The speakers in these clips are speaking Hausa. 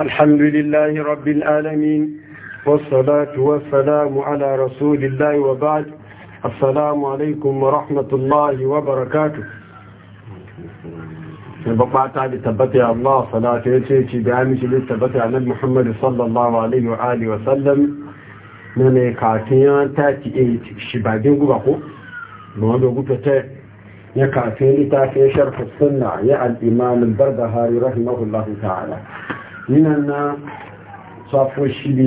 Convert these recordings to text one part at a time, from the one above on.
الحمد لله رب العالمين والصلاة والسلام على رسول الله وبعد السلام عليكم ورحمة الله وبركاته بقاطع لتبتع الله صلاة يتيتي بعمش لتبتع نبي محمد صلى الله عليه وآله وسلم من كاتيان تاتي ايت الشبابين قبقوا مهدو قبتة يكاتيان تاتي شرف السنة يا الإمام البردهاري رحمه الله تعالى ninan na safo shi da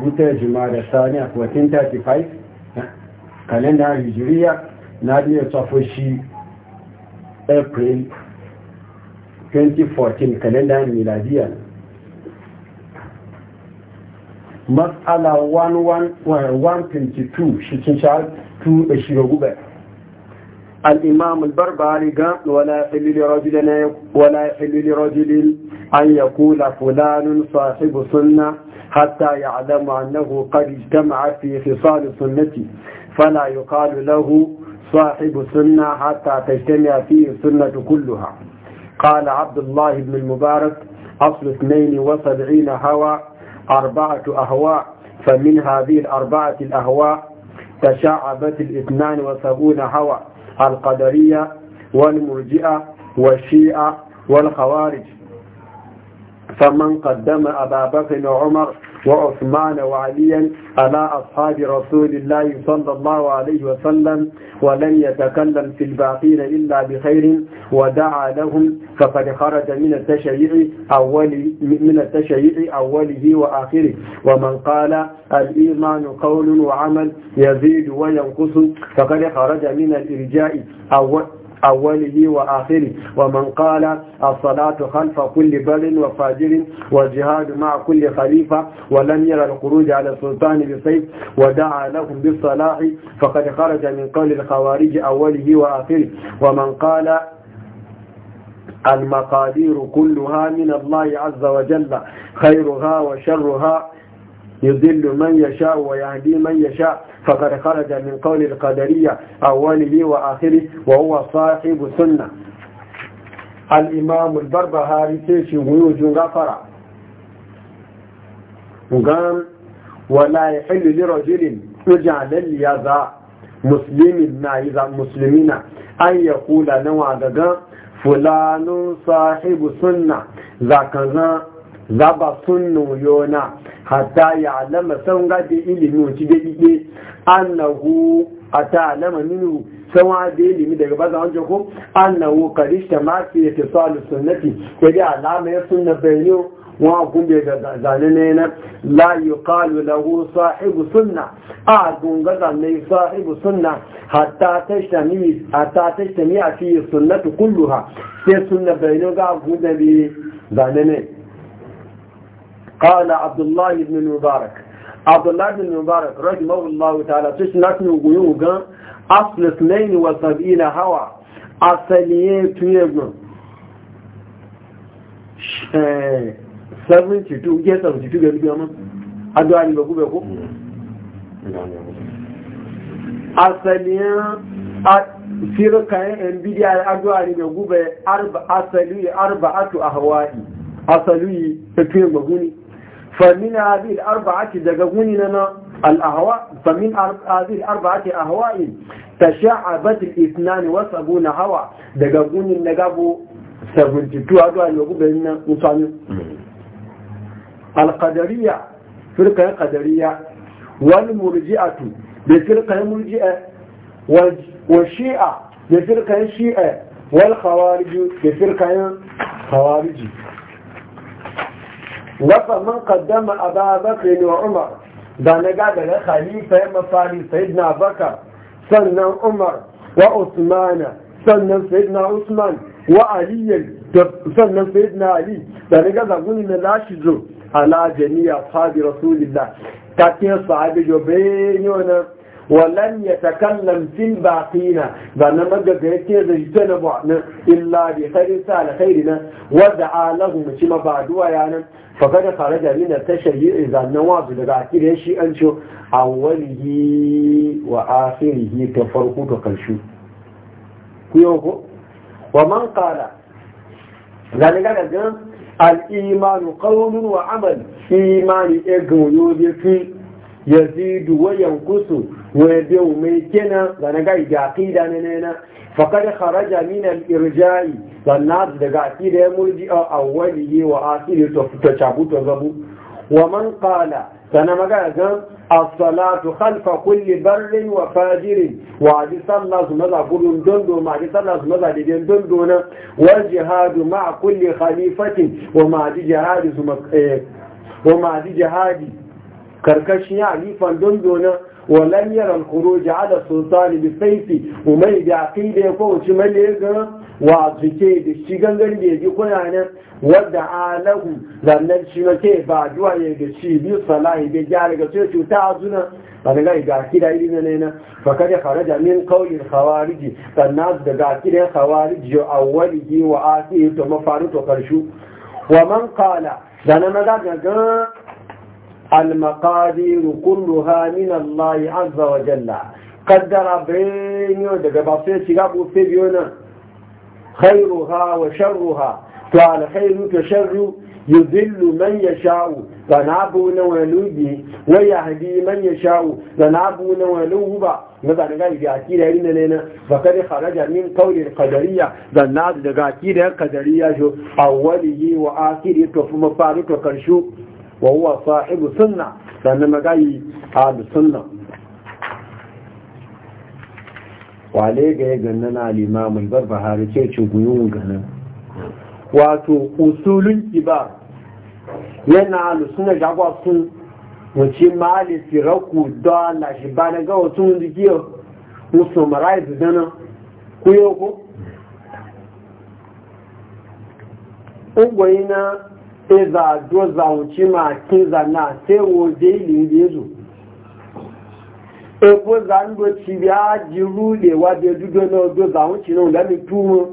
gutar jima'a da sani a 1435 kalenda hijiriya na biyar safo shi april 2014 kalenda miladiya matsala 122 eh, shi cin sha 2 da eh, shiga gubar الإمام البربري قال ولا يحل لرجل ولا يحل لرجل أن يقول فلان صاحب سنة حتى يعلم أنه قد اجتمع في خصال سنتي فلا يقال له صاحب سنة حتى تجتمع فيه السنة كلها قال عبد الله بن المبارك أصل 72 هوى أربعة أهواء فمن هذه الأربعة الأهواء تشعبت الاثنان وسبعون هوى القدرية والمرجئة والشيعة والخوارج فمن قدم أبا بكر وعمر وعثمان وعليا على أصحاب رسول الله صلى الله عليه وسلم ولم يتكلم في الباقين إلا بخير ودعا لهم فقد خرج من التشيع أول من التشيع أوله وآخره ومن قال الإيمان قول وعمل يزيد وينقص فقد خرج من الإرجاء أول أوله وآخره ومن قال الصلاة خلف كل بر وفاجر والجهاد مع كل خليفة ولم يرى الخروج على السلطان بسيف ودعا لهم بالصلاح فقد خرج من قول الخوارج أوله وآخره ومن قال المقادير كلها من الله عز وجل خيرها وشرها يضل من يشاء ويهدي من يشاء فقد خرج من قول القدرية أوله وآخره وهو صاحب السنة الإمام البربهاري تيشي ويوج غفر وقام ولا يحل لرجل يجعل اليذا مسلم إذا مسلمين أن يقول نوع فلان صاحب سنة ذاك ذا zaba sunnu yona hatta ya alama san gade ilimi wuce da ɗiɗe annahu a ta alama minu sanwa da ilimi daga baza wajen ko annahu karishta ma fi ta salu sunnati ya ji alama ya sunna bayyo wa gumbe ga zane na la yuqalu lahu sahibu sunna a gunga zane sahibu sunna hatta tashtami hatta a fi sunnatu kulluha sai sunna bayyo ga gumbe zane ne قال عبد الله بن المبارك عبد الله بن المبارك رحمه الله تعالى تشنات نقول أصل 72 هوا أصلية تيغن 72 جه 72 gari biya man addu'a ne ba gube ko asaliyan firkayen yan bidiyar addu'a ne asali arba'atu ahwa'i asali ta fiye فمن هذه الأربعة دقوننا الأهواء فمن هذه الأربعة أهواء تشعبت الإثنان وسبون هوا دقون النقابو سبنتتو هذا اللي يقول بيننا نصاني القدرية فرقة قدرية والمرجئة بفرقة مرجئة والشيئة بفرقة شيئة والخوارج بفرقة خوارجي nafa man qaddama aba ne wa umar da na ga daga khalifa ya mafari na bakar sannan umar wa usmana sannan na usman wa da sannan na ali da na ga zaguni na lashi zo ala jami'a sabi rasulillah ta kiyar sahabi jobe yi wani ولن يتكلم في الباقين بأن مجد يكيز يتنبعنا إلا بخير سال خيرنا ودعا لهم شما بعد ويانا فقد خرج من التشيع إذا النواز لبعكير يشي أنشو أوله وآخره كفرقه كالشو كيوكو ومن قال ذلك الإيمان قول وعمل إيمان إغيو يكي yazidu wa yankusu wa yabiu mai kenan da na ga aqida ne ne na kharaja min al-irja'i sannan daga aqida ya murji'a yi wa akhiri to ta chabu to zabu wa man qala sana maga ga as-salatu khalfa kulli barrin wa fajirin wa ji sallatu maza gudun dondo ma ji sallatu maza diden dondo na wa jihadu ma kulle khalifatin wa ma eh, wa ma ji jihadi karkashin ya alifan dondo na walan yaran kuroji ala sultani bi saifi umar da da ya kowace mai gara wa zuke da shi gangar da ya ji kunanen wadda alahu zannan shi ma ke ba duwa ya ga shi biyu salahi da gyara ga sai cuta azuna a daga ga aqida irin ne na da fara da min qawli hawariji sannan daga aqida khawariji yi wa akhirihi to to karshu wa man dana maga ga المقادير كلها من الله عز وجل قدر بينيو دغ باسي شيغابو سيبيونا خيرها وشرها قال خير وشر يذل من يشاء فنابون ولودي ويهدي من يشاء فنابون ولوبا ماذا قال في عقيدة إن لنا فقد خرج من قول القدرية ذناد لقاكيدة القدرية أوله وآخره وفارق وكرشوك wa huwa sahibu sunna sannan magayi ahlus sunna wale ga ya ganna na limamul barbahari ce ce guyun ganin wato usulun kibar yana ahlus sunna jagwa sun wace mali firaku dala shi ba na ga wasu wanda giyo musu marayi dana kuyo ko na eza doza wuce ma kinza na sai woje ili yezu ebo za ndo ci biya jiru le wa de dudo na odo za wuce na ngami tuwo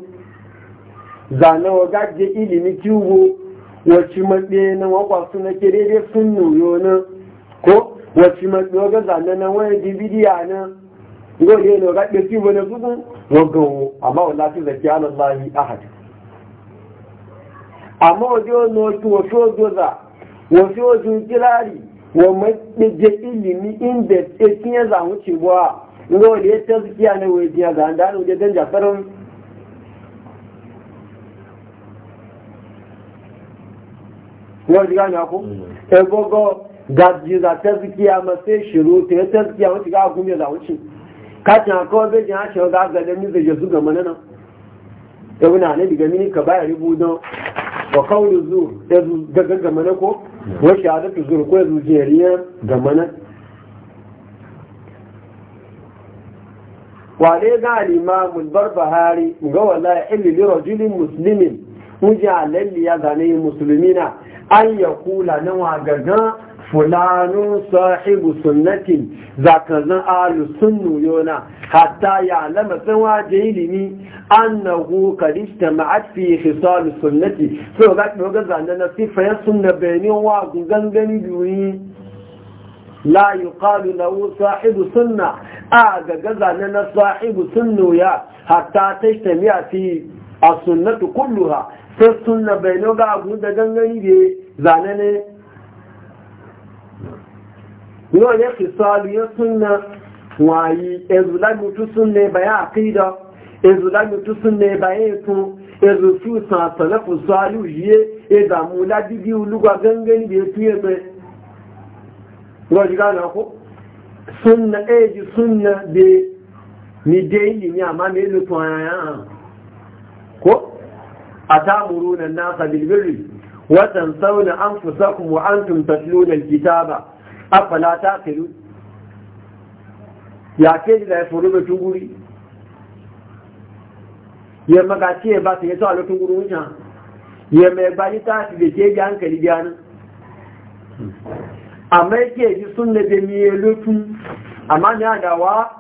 za na oga je ili ni kiwo wace maɗe na wakwa suna kerele dai sun nuyo na ko wace maɗe oga za na na wani dibidiya na ngode na oga ɗe kiwo na sukun wagan amma wala fi zaki alallahi ahadu amma waje wani wasu wasu doza wasu wasu kirari wa maɗaje ilimi inda ya kinye zamu cewa inda wani ya tazkiya ne wai jiya ga da hannu wajen jasarar wani gani ku mm. ebogo gaji za tazkiya shiru ta ya ga kacin bai jin da ne daga mini ka baya don wa kawo zuwa da gaggama na ko wa shahadatu zuwa ko zujeriyar gama na wane ga limamun barbahari ga wala ilili jinin musulmin wujen alalliya zane musulmina an ya kula na gaggan fulanu sahibu sunnatin zakazan alu sunnu yona hatta ya lama tsawa da ilimi annahu kadista ma'at fi khisal sunnati so ga ko ga zanna na sifayen sunna bayani wa gani duyi la yuqalu lahu sahibu sunna a ga gaza na sahibu sunnu ya hatta tashtamiya fi as-sunnatu kulluha sai sunna bayano ga abu da gangani da zanane yau ne kisalu ya sunna wayi ezula mutu sunne baya aqida ezula mutu sunne baya eto ezu su sa salafu salu ye eda mula didi uluga gangani be tuye be na gana ko sunna eji sunna be ni daily ni amma me lu to ya ko atamuruna nasa bil birri wa tansawna anfusakum wa antum tatluna alkitaba afala ta kiru ya ke da ya furu da tuguri ya magaci ya ba su ya sa lo tuguri wucin ya mai bani ta su da ke ji hankali gyanin amma yake ji sun da da miye lotu amma ya dawa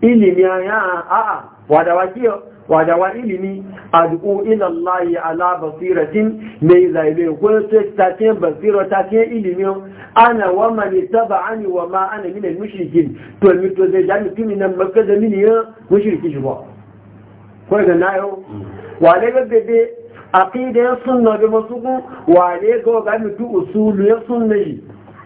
ilimi ya a'a wadawa kiyo wada wa ilimi ad'u ila Allah ala basiratin mai zaibe ko ce ta ce basira ta ce ilimi ana wa man tabani wa ma ana min al-mushrikin to mi to zai jami tuni nan makka da mini ya mushriki shi ba ko da nayo wa le ga bebe aqida sunna da masuku wa le ga ga mi tu usulu ya sunna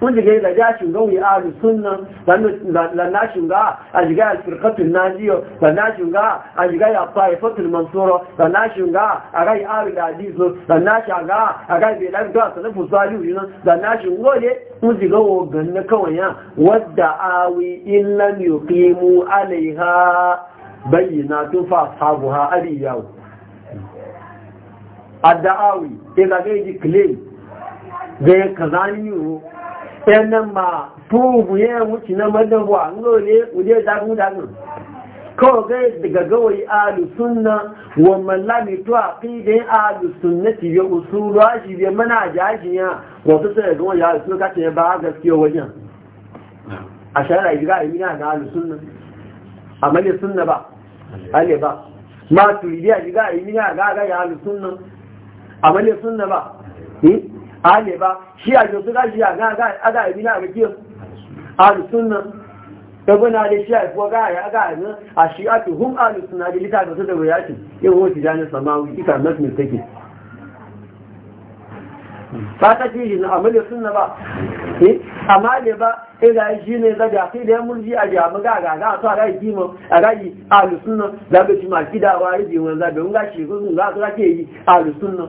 wanda ga da ja shugan wi ahlu sunna la na shuga a shiga a firkatun najiyo la na shuga a shiga ya taifatul mansura la na shuga a ga ahlu hadis la na shuga a rai bai lafi da salafu salihu yinan la na shugo ne mun shiga wo ganna kawai ya wadda awi in yi kimu alaiha tufa bayyinatun fa ashabuha aliyahu adda'awi ila gaji claim ga kazani yuro ẹnẹ ma fúrùbù yẹn mú ti na mọ́dánwò àmúlò ilé dágúndágún kọ́ọ̀gẹ́ gagawai alùsúnna wọ mọ̀lámi tó àfíìdín alùsúnna ti yọ òsúrò áṣìbẹ̀ mọ́nà àjáṣìyàn wọ́n tó sẹ́rẹ̀ gan ya alùsúnna káṣẹ yẹn bá gaskiyar wajen àṣàrà ìdíra ìrìnà na alùsúnna àmàlẹ̀ súnna ba alẹ̀ ba ma tùrìdí àdíra ìrìnà gága ya alùsúnna àmàlẹ̀ súnna ba ale ba shi a yosu ga shi a ga aga ibi na abikiyar alusun nan ɗabuna da shi a kuwa ga a ga abin a shi a tuhum hun na da lita da su da wuyacin yin wuce janin ita na not take ba ta ce shi na amalin sunna ba eh, amma ne ba yi eh, shi ne zabi a kai da ya mulki a jami ga ga ga to a ga kima a ga yi alusun za zabi shi ma kidawa ya ji wani zabi wani ga shi ga ga ke yi alusun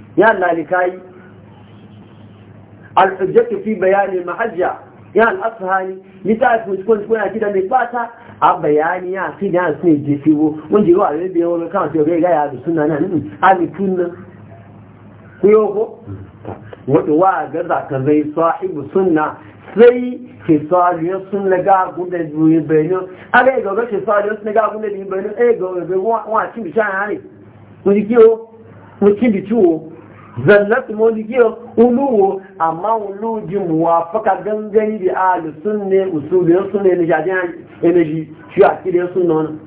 ya lalikai al-hujjatu fi bayani mahajja ya al-asfahani litafi muskun kuna kida ne fata a bayani ya fi da su mun ji ruwa da biyo wani kan sai ga ya sunna nan a mi tunna ku yoko wato wa ga zaka zai sahibu sunna sai kisaliyar sun na gagun da biyu benin aga ga ga da ga wa cin bishan hari mun ji kiyo mun cin zallatu mawlikiyar uluwo amma uluji muwafaka gangani da ahli sunne usuliyar sunne na jajin energy shi a kiriyar sunna wani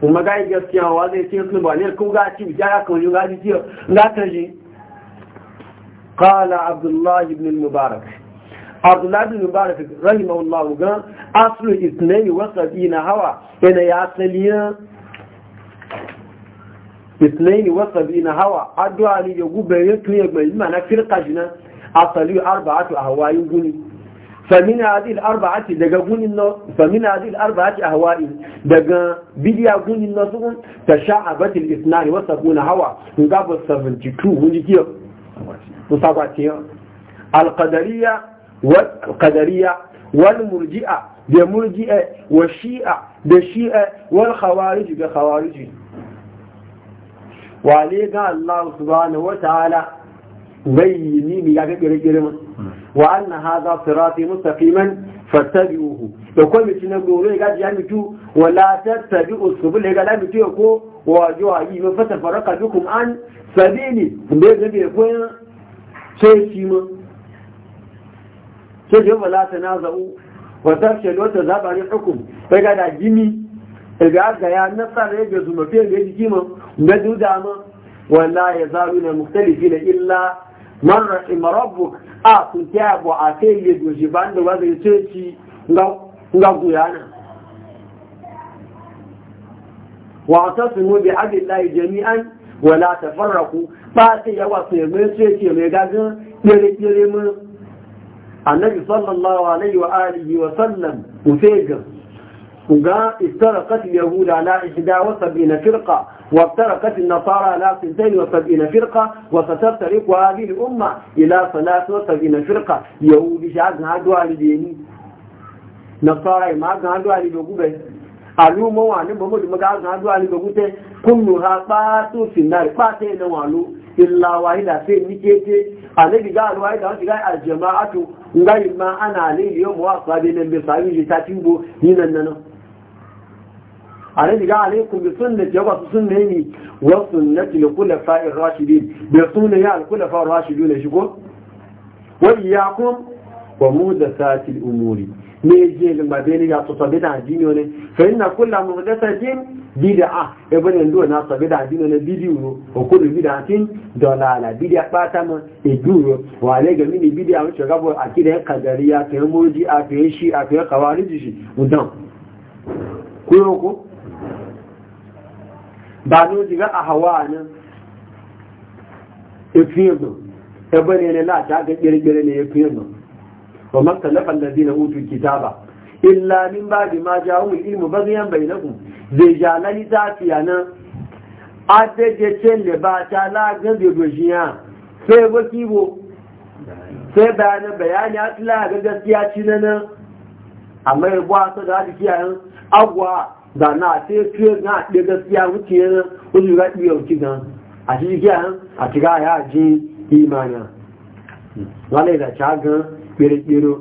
kuma ga gaskiya wa zai ce sun ba ne ko ga ci ya kan yi ga ji ga ta ji qala Abdullahi ibn mubarak Abdullahi ibn mubarak rahimahullah ga aslu ithnain wa sabina hawa yana ya saliya اثنين وسبعين هوا أدعى لي يقوب يتو ما معنا فرقة جنا أصلي أربعة أهواء يقولي فمن هذه الأربعة دقون النص فمن هذه الأربعة أهواء دقا بدي أقول النص تشعبت الاثنان وسبعون هوا نقابل 72 هوني كيو مصاباتي القدرية والقدرية والمرجئة بمرجئة والشيئة بالشيئة والخوارج بخوارج wale ga Allah subhanahu wa ta'ala bayyini mi ga kire mun wa anna hadha sirati mustaqiman fattabi'uhu to ko mi tinan gore ga ji amitu wala tattabi'u subul ga la mitu ko wa jiwa yi ma fata faraka bikum an sabili be ga be ko sai shi mun sai je wala tanazu wa tafshalu wa tazabari hukum kai ga da jimi daga aka sa nasara ya gazu mafi da ya jiki man na duda man wala ya zaru na muktalifi da illa man rahim a kun ta a kai ya doshi da wanda ya ga guyana wa tasimu bi hadillahi jami'an wala tafarraku ba sai mai ce ce annabi sallallahu alaihi wa ga istarakat yahuda ala 71 firqa wa istarakat an 72 firqa wa satartariqu hadhihi al-umma ila 73 firqa yahudi shagan hadwa ni nasara ma gan wa ni gube alumọ ga ga mọ́mọ́dé mọ́gá gan kunu ha gbogbo tu sinar ha te fìnnàrí pàtẹ́ illa wọn ló ìlàwà ni fẹ́ ní kéèké àlébìgá àlúwà ìlà wọ́n ti gáì ma ana àlè ìlú ọmọ wà pàdé bi sabi ji tí ń bo annabi ga alaikum bi sunnati wa sunnati wa sunnati al khulafa'i ar rashidin bi sunnati al khulafa'i ar rashidun shigo wa iyyakum wa muhdathati al umuri ne je ga mabeni ga to sabi da addini ne fa inna kullu muhdathatin bid'a ibn ndo na sabi da addini ne bidiyo ko kullu bid'atin dalala bid'a pata mo e duro wa le ga mini bid'a wuce gabo akida kadariya kai moji a kai shi a kai kawariji shi udan ko ko ba diga a hawa nan ya fiye ba ya bane ne la ta ga kirkire ne ya fiye nan wa makalafa allazina utul kitaba illa min ba bi ma ja'u ilmu na bainakum zai jalani A nan adeje celle ba ta la ga biyojiya sai wakibo sai bayanan bayani a tila ga gaskiya ci nan amma ya bua ta da hadi kiyayen agwa da na sai fiye na ɗaya gaskiya wuce yana wajen ga ɗiya wuce a cikin kiyan a cika ya ji imana wani da cagan ɓere-ɓere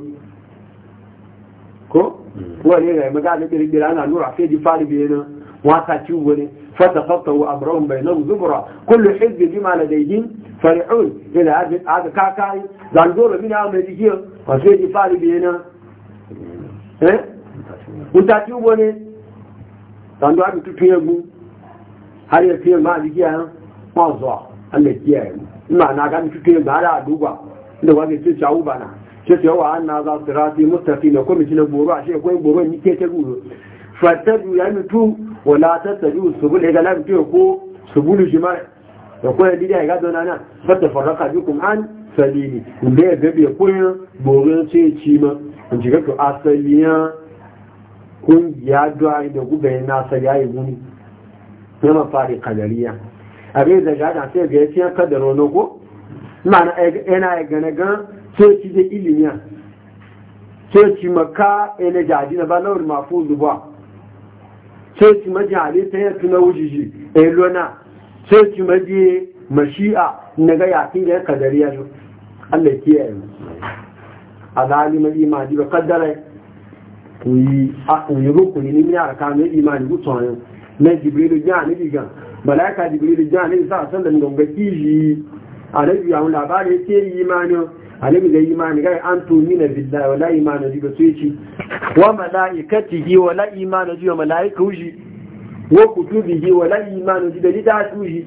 ko hmm. wani da maga da ɓere ana nura sai ji fari biye na wata ci wani fata fata wa amurahun bai nan zubura kullum hizbi da daidin fari'un ila aka kakai zandoro mini a mai wasu ya ji fari biye na hmm. eh? tando abi tutu egwu har ya fiye ma a ma zuwa an da ya ina na ga mutu egwu ba da duba inda wa ke ce shawu bana ce ce wa an na za su rafi mustafi na kwamishi na goro a shi akwai goro ni ke ta goro fattaru ya mutu wala tattaru ya ga la mutu ko subulu jima'i da kuma yadda ya ya ma kungiya duwa da gube nasa ya yi guni ya mafari kadariya abin da da sai ga yafi yanka da rono ko Ina yana ya e, e gane gan soci da ilimiya soci maka yana jadi na balawar mafi zuba soci majali ta yanzu na wujiji e lona? soci maje mashi'a na ga yafi da ya kadariya shi allah kiyaye mu a zalimar imani ba kaddara òyìn rúkùnrin ní àràkánú ku gútù ọ̀yọ́ na jibrilu jẹ́ àníbì gan Jibril jibrilu jẹ́ àníbì sáà sọ́lọ̀ gbọ̀ngbẹ̀ kí yìí àníbì àwọn labari tí yìí máa ní àníbì da yìí máa ní gáyẹ̀ an tó nínà bìdá wala ìmáàlì jù bẹ̀ sóyẹ́ci Wa mala'ikati wala wọlá ìmáàlì jù mala'ika yìí wọ́n kutubi yìí wọlá ìmáàlì jù bẹ̀ lítàtù yìí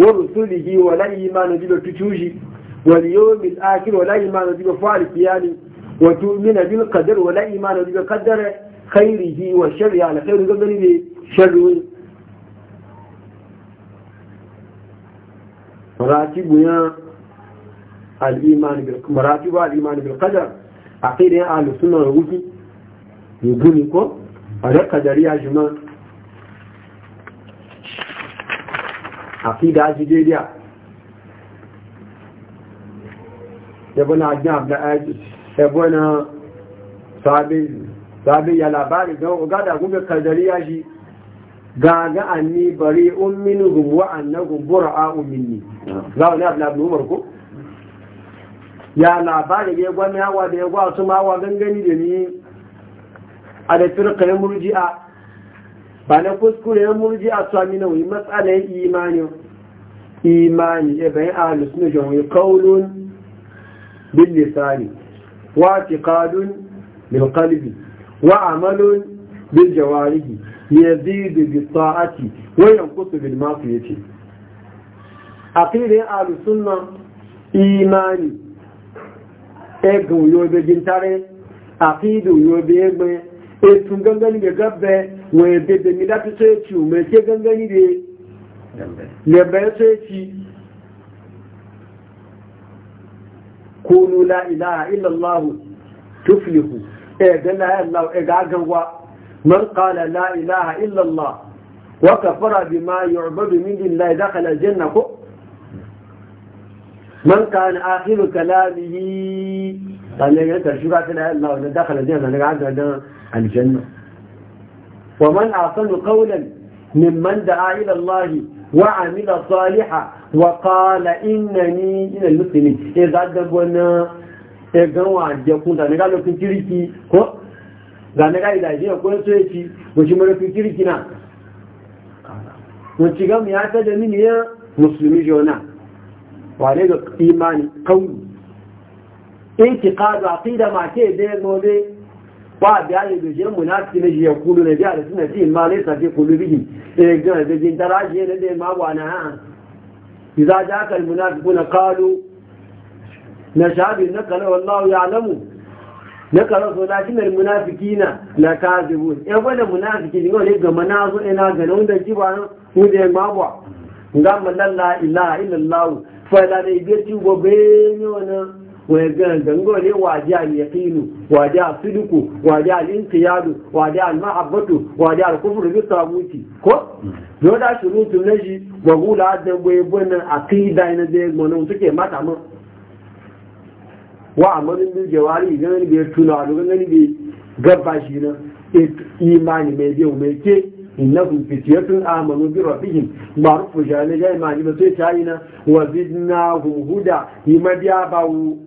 wọ́n rusuli yìí wọlá ìmáàlì jù bẹ̀ tutù yìí wọ́n yóò mil وتؤمن بالقدر ولا إيمان بالقدر خيره والشر على يعني خير قبل شر مراتب الإيمان مراتب الإيمان بالقدر يا أهل السنة والوجه يقولكم على يا جماعة عقيدة جديدة يبنى عجاب لآية ebona sabi ya labari don gada gube kardariya shi gaga anni bari ummin wa annahum bura'a ummini za wani abu na umar ko ya labari ya gwamna hawa da ya gwa su ma mawa gangani da ni a da firka ya murji'a ba na kuskure ya murji'a su amina wani matsalar imani imani ya bayan ahalus na jami'ai kaulun bin lisani واعتقاد بالقلب وعمل بالجوارب يزيد بالطاعة وينقص بالمعصية عقيدة أهل السنة إيماني egun يوبي جنتاري أقيد يوبي yóò bẹ ẹgbẹ́ ètùn gangan níbẹ̀ gábẹ́ wọ̀n ẹ̀bẹ̀bẹ̀ ní láti sọ́ẹ̀tì òmẹ́ tí gangan níbẹ̀ lẹ̀bẹ̀ẹ́ sọ́ẹ̀tì قولوا لا إله إلا الله تفلحوا إذن إيه، الله إذن إيه، من قال لا إله إلا الله وكفر بما يعبد من الله دخل الجنة من كان آخر كلامه قال لي أنت شو قاتل الله دخل الجنة أنا الجنة ومن أعطل قولا ممن دعا إلى الله وعمل صالحا wakala ina ni ina musulmi ya zagagwa na ya ganwa jakun da ga lokacin kirki ko ga naga idaje ko so yaci ci shi mara kirki na ko ci gam ya ta da mini ya musulmi jona wale ga imani kauli intiqad aqida ma ke da gobe ba da ya da je munafiki ne ya kulu na biya da sunna fi ma laysa fi qulubihim eh ga da jin taraje ne da ma wana إذا جاءك المنافقون قالوا نشهد إنك لو الله يعلم نك رسول لكن المنافقين لكاذبون أولا منافقين يقول لك مناظر إنا جنون دا جيبان وذي مابوا قام لا إله إلا الله فلا نبيتي وبينيونا wa gana dangane wa ji al yaqinu wa ji al sidqu wa ji al inqiyadu wa ji al mahabbatu wa ji al kufr bi sabuti ko yo da shurutu naji wa gula da gwe bunna aqida ina de mono suke mata mu wa amarin bil jawari ganin bi tuna da ganin bi gabba shi na imani mai biyu mai ke innahum fityatun amanu bi rabbihim ma'ruf jani jani ma'ani ba sai tayina wa zidnahum huda imadiya bawu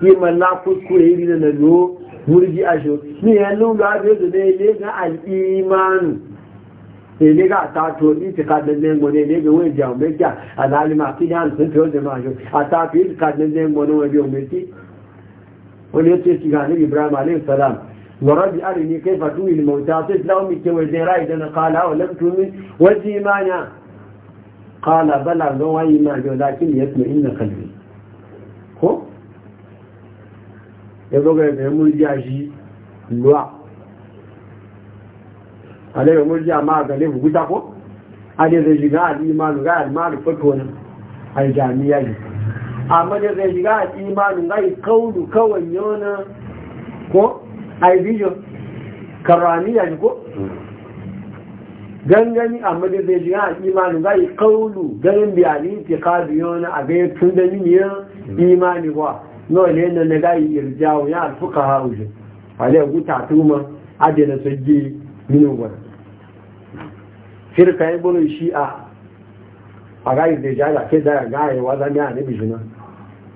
yi malla kuskure iri na nalo murji a shi ni yanzu ga da yadda ne ne ga al'imanu ne ne ga ta to ni ta ka dan nan gone ne ga wani jami'ai kya a zalima fi yan sun to da ma shi a ta fi ka dan nan gone wani biyo mai ti wani yace shi ga nabi ibrahim alayhi salam ورب أرني كيف تؤي الموتى تسلهم التوزين رائدا قال ولم تؤمن وجه إيمانا قال بلى وإيمان ولكن يسمع إن قلبي هو ẹgbọ́gbọ́ ẹ̀fẹ́ múrùjá sí ìlú máa gẹ̀lẹ́ fòkútakọ́ adẹ́rẹ̀ ṣìgá àti ìmánu gáàdì máa rí ní àìjàmíyà yìí àmọ́dẹ̀rẹ̀ a àti ìmánu gáàdì a kọ́wọ̀ yọ́nà ko gangani a shiga a imanin yi ganin biyani ke na a gaya tun da miniyan imani kuwa náà lè na na gáyì ìrìjá òun yá àtúkà ha òjò alẹ́ òkúta àtúmọ̀ adìẹ na sọ gé nínú wọn firka yin ìṣí a a ìrìjá àti dára gáyì wá zami à níbi jùlọ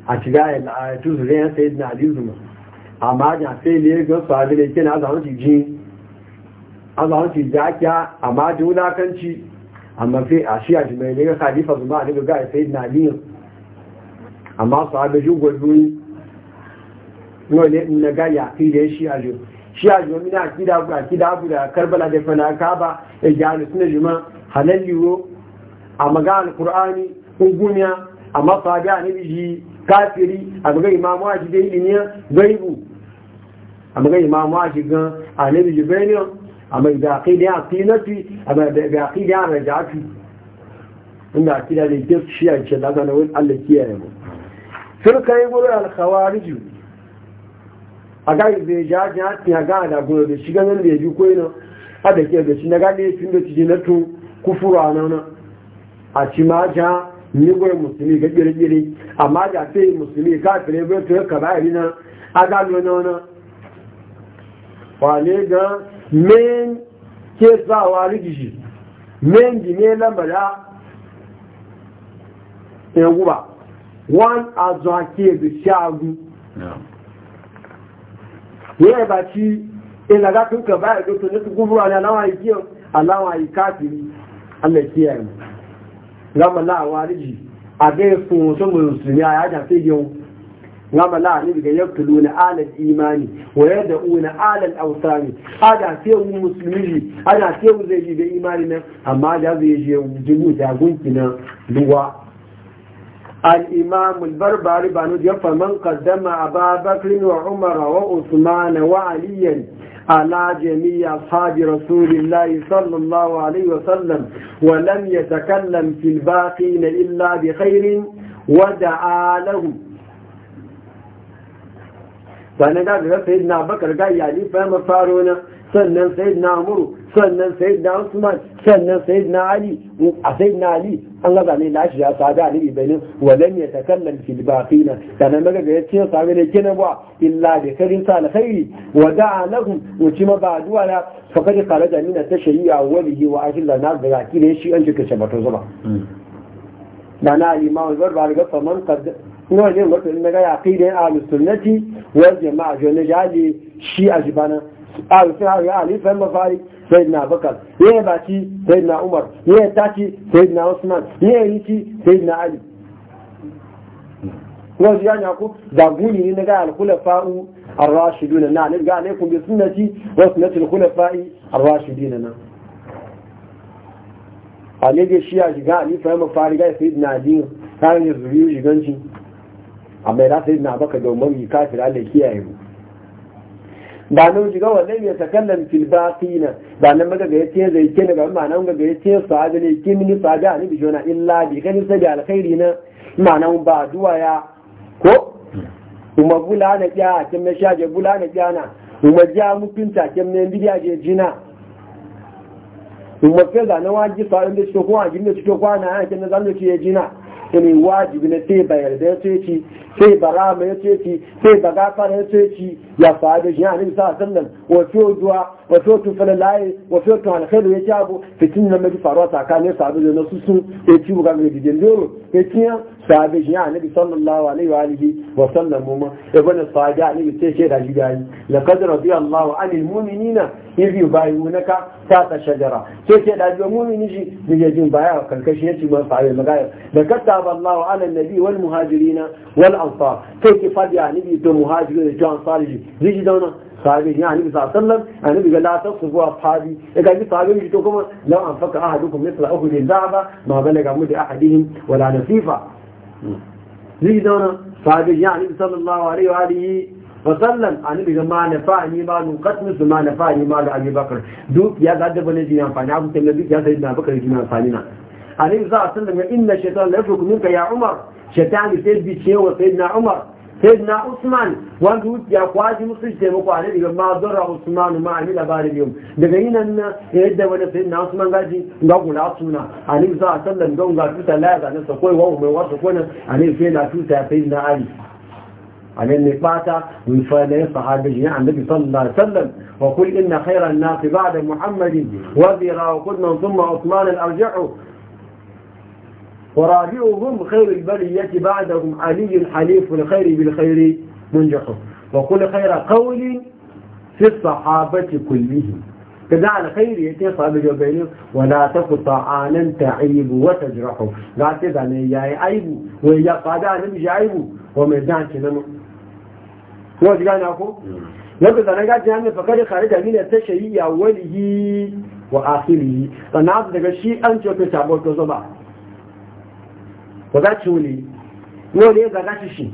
àti gáyì àtúzù rẹ̀ yẹn sẹ́yìn a àdìzù mọ̀ àmà jin amma su haɗe shi dole na ga ya kire shi a jo shi a jo mina akida akida abu da karbala da fana ka ba ya ji alu suna juma halalli wo a maga alkur'ani ungunya a mafabi a nabi ji kafiri a maga imamu a jibe ilimiya gaibu a maga imamu a jigan a nabi ji bayanin a mai da akida a kinatu a mai da akida a rajatu inda akida da ke shi a ce lagana wani allah kiyaye mu sun kai wurin alkhawariju agaghị bụ eji aja atị aga ada gụrụ da shi ganin da ya ji kwai nan na gaa ya fin da na tun kufuru a nan a ci ma aja ni gwai musulmi ga kirkiri amma da sai musulmi ka kpere bai to ya kaba yi nan a ga nuna wani wane ga men ke sawa rigishi men ji ne lambada yan guba wọn azụ ake da e agụ. yẹ́ bá tí ìlàgá tó kẹ̀ báyìí tó tó ní tó gúrú àwọn aláwọ̀ àìkí aláwọ̀ àwọn fún àyájà tó ga yẹ́kù ló na alal imani wọ́yẹ́ da u na alal ausani ada sai wu musulmi ji ada sai zai ji da imani nan amma da zai je da gunki na الإمام البربري بن جف من قدم أبا بكر وعمر وعثمان وعليا على جميع أصحاب رسول الله صلى الله عليه وسلم ولم يتكلم في الباقين إلا بخير ودعا لهم فأنا قال سيدنا بكر قال يعني فهم صارونا سنن سيدنا عمرو sannan sai na usman sannan sai na ali a sai na ali an gaza ne na shiga sada ali ibanin walam ya takallam fil baqina sannan daga ga yace sabi ne kina ba illa bi karin sa alkhairi wa da'a lahum wuci ma ba duwa la fa kad kharaja min at-tashri'a walihi wa ajilla na daga kine shi an jika shabato zuba da na imam barbar ga faman kad ne ne mutum na ga yaqidin ahlus sunnati wal jama'a jona jali shi a ajibana قالوا فيها علي فما فاري سيدنا بكر يا باتي سيدنا عمر يا تاتي سيدنا عثمان يا يتي سيدنا علي wasu ya yaku da guni ne ga al-khulafa'u ar-rashiduna na ne ga ne kun bi sunnati wa sunnati al-khulafa'i ar-rashidina na ale ga shi ya shiga ali fa ma fari ga sayyidina ali kan yi zuriyu shiganci amma da sayyidina abaka da umar yi kafir Allah kiyaye mu da nan shiga wannan ya sakallan fil baqina da nan maka ga yace zai ke daga ma'ana mun ga yace ce sahabi ne ke mini a ani bi jona illa bi kan sabi alkhairi na ma'ana mun ba duwa ya ko kuma bula na kya kin na shaje bula na kya na kuma ja mutunta kin ne bidiya je jina kuma fa da nan waji sahabi da shi ko waji ne shi ko kwana kin na zan da shi ya jina sai wajibi na sai ba yarda ya ce ci sai ba rama ya ce ci sai ba gafara ya ce ci ya faɗi shi annabi sallallahu alaihi wasallam duwa wa fiyo tu falalai wa fiyo alkhairu ya ci abu fitin na mai faruwa tsakanin sabu da na susu ya ci buga mai dijin doro ya ci sahabe shi ya annabi sallallahu alaihi wa alihi wa sallam mu ibn sahabe annabi sai shi da shi gayi laqad radiyallahu anil mu'minina idh yubayunaka ta shajara sai shi da ga mu'mini shi da yajin baya karkashin yace ma sahabe magaya da kataba Allahu ala annabi wal muhajirina wal ansar sai ki fadi annabi to muhajirin da ansar shi zai dauna sahabe ya annabi sallallahu alaihi wa sallam annabi ga la tasbu ashabi ga ji sahabe shi to kuma law an faka ahadukum mithla uhudin dhaba ma balaga mudi ahadihim wala nasifa ni zauna sabi ya ni sallallahu alaihi wa alihi wa sallam annabi ga ma nafa ni ma nu qatmu ma nafa ni ma ga abi bakar duk ya ga da bane jin amfani abu ta nabi ya sai na bakar jin amfani na annabi za a sallam inna shaytan la yafuku minka ya umar shaytan sai bi cewa sayyidina umar سيدنا عثمان وان يا قاضي مصري تيمكو عليه يقول ما ضر عثمان وما عمل بار اليوم دغين ان يد ولا سيدنا عثمان غادي نقول عثمان علي صلى الله عليه وسلم قال لا تلا لا نسكوي وهو ما وصفون علي فينا توتا سيدنا علي على فاتا من فعل صحابة جناع النبي صلى الله عليه وسلم وقل إن خير الناس بعد محمد وذرا وقل من ثم عثمان الأرجح ورابعهم خير البرية بعدهم علي الحليف الخير بالخير منجح وكل خير قول في الصحابة كلهم كذا على خير يتي صحابة جوابينه ولا تقطع عالا تعيب وتجرح قالت إذا أنا ياي عيب ويا قادة أنا مش عيب ومدان كنم هو جلان أخو لابد أنا قاعد جامعة فقد خارج من التشييع أوله وآخره فنعب دقشي أنت وكتابوك وزبعه zaga ci wuli wani zaga ci shi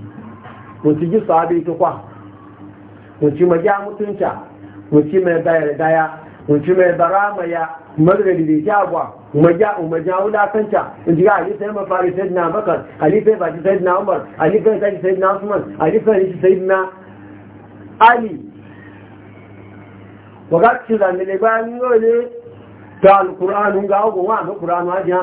mutu ji sahabi ta kwa mutu ma ja mutunta mutu mai bayar daya mutu mai barama ya magrari da ja gwa umarja umarja wulakanta in ji ga ali sai mafari sai na bakar ali sai baji sai na umar ali sai sai sai na usman ali sai sai na ali wakati za nile ba yau ne ta alkur'anu ga ogun wa ga kur'anu ajiya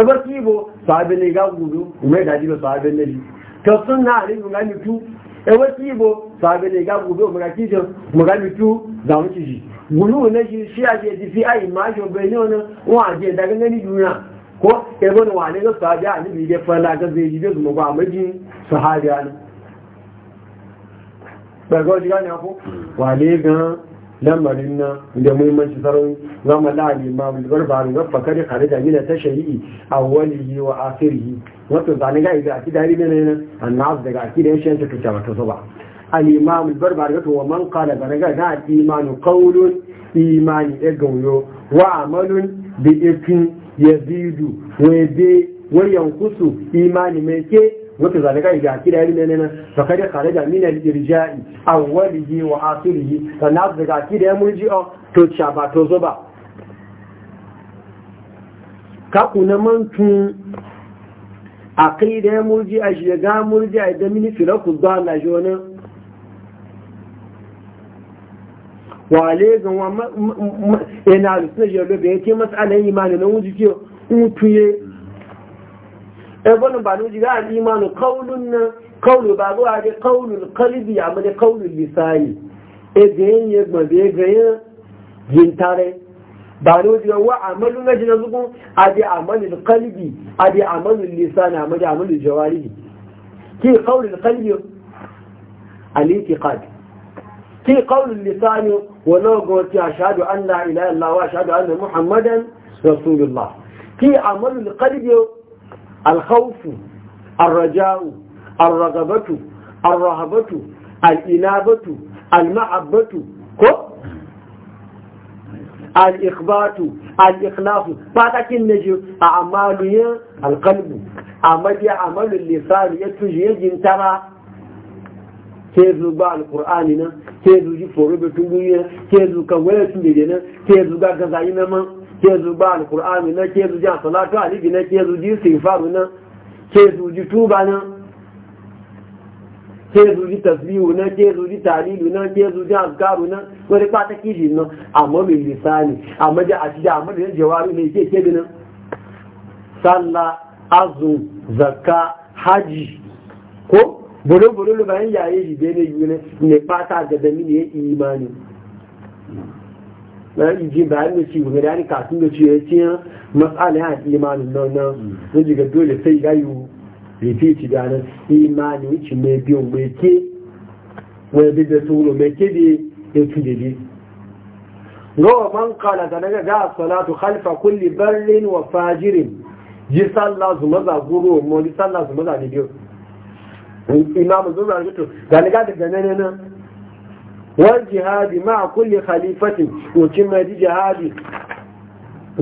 ebe su ibo sahabe ne ga gudu ume da jibe sahabe ne ji ka sun na ne mu ga mitu ebe su ibo sahabe ne ga gudu mu ga kishin mu ga mitu za ci ji gudu ne ji shi a je fi ai ma jo be ne ona wa je daga ne ni duna ko e ne wa ne ga sahabe ani bi de fala ga ji jibe mu ga amaji sahabe ani Gbẹ̀gọ́ ti ji ga ne ko wa ne ga lamarin na da muhimmanci tsaron zama la'ali ma bi barin ga kare kare da mina ta a walihi wa asirihi wato zane ga idan aki dari ne nan annas daga aki da shi ta tuta wato zuba al imam bulgar barin ga to man qala daraga ga da imanu qaulun imani e gauyo wa amalun bi ifin yazidu wa bi wa yankusu imani mai ke Mutu muka zalika ga akida yin nan nan fa kare kare da min al-irja'i awwalihi wa akhirihi fa na ga akida yin murji o oh, to chaba to zuba ka kuna man tun akida yin murji a shiga murji a da mini min firaku da na jona wa alaikum wa ma ina lusna jabe be ke masalan imani na wuji ke mutuye ابن بانو جدا الإيمان قول قول بابو هذا قول القلب يعني قول اللسان إذن يجمع بيجي جنتاري بانو جدا وعمل نجنا زبون هذا عمل القلب هذا عمل اللسان هذا عمل الجوارح كي قول القلب الاعتقاد كي قول اللسان ولو قلت أشهد أن لا إله إلا الله وأشهد أن محمدا رسول الله كي عمل القلب alkhawfu arraja'u arragabatu arrahabatu al'inabatu alma'abbatu ko al'ikhbatu al'ikhlafu fatakin na ji a amaliyar alkalbu a madiya amalin lissani ya tuje yajin tara ke zuba alkur'ani nan ke na ke zu ba alkur'ani na ke zu jan salatu alibi na ke zu ji sifaru na ke zu ji tuba na ke zu ji tasbihu na ke zu ji talilu na ke zu jan azkaru na wani kwata kishi na amma mai lisani amma da a cikin amma da yan jawabi ne ke ke na sallah azu zakka haji ko buru-buru bayan yayi shi bene yi ne ne fata ga damini ya imani na iji bayan da ci gobe da ni kafin da ci ya ce matsala ya imanin nan na, na jiga dole sai ya yi rufe ci da nan Imani wuce mai biyu mai ke wani bibiyar tsoro mai ke da ya fi da bi gawa man kala da daga ga salatu halfa kulli barrin wa fajirin ji sallah su maza guru mo ji sallah su maza da biyu imamu zuwa ga ni ga daga nan nan wal jihadi ma kulli khalifatin mutum mai jihadi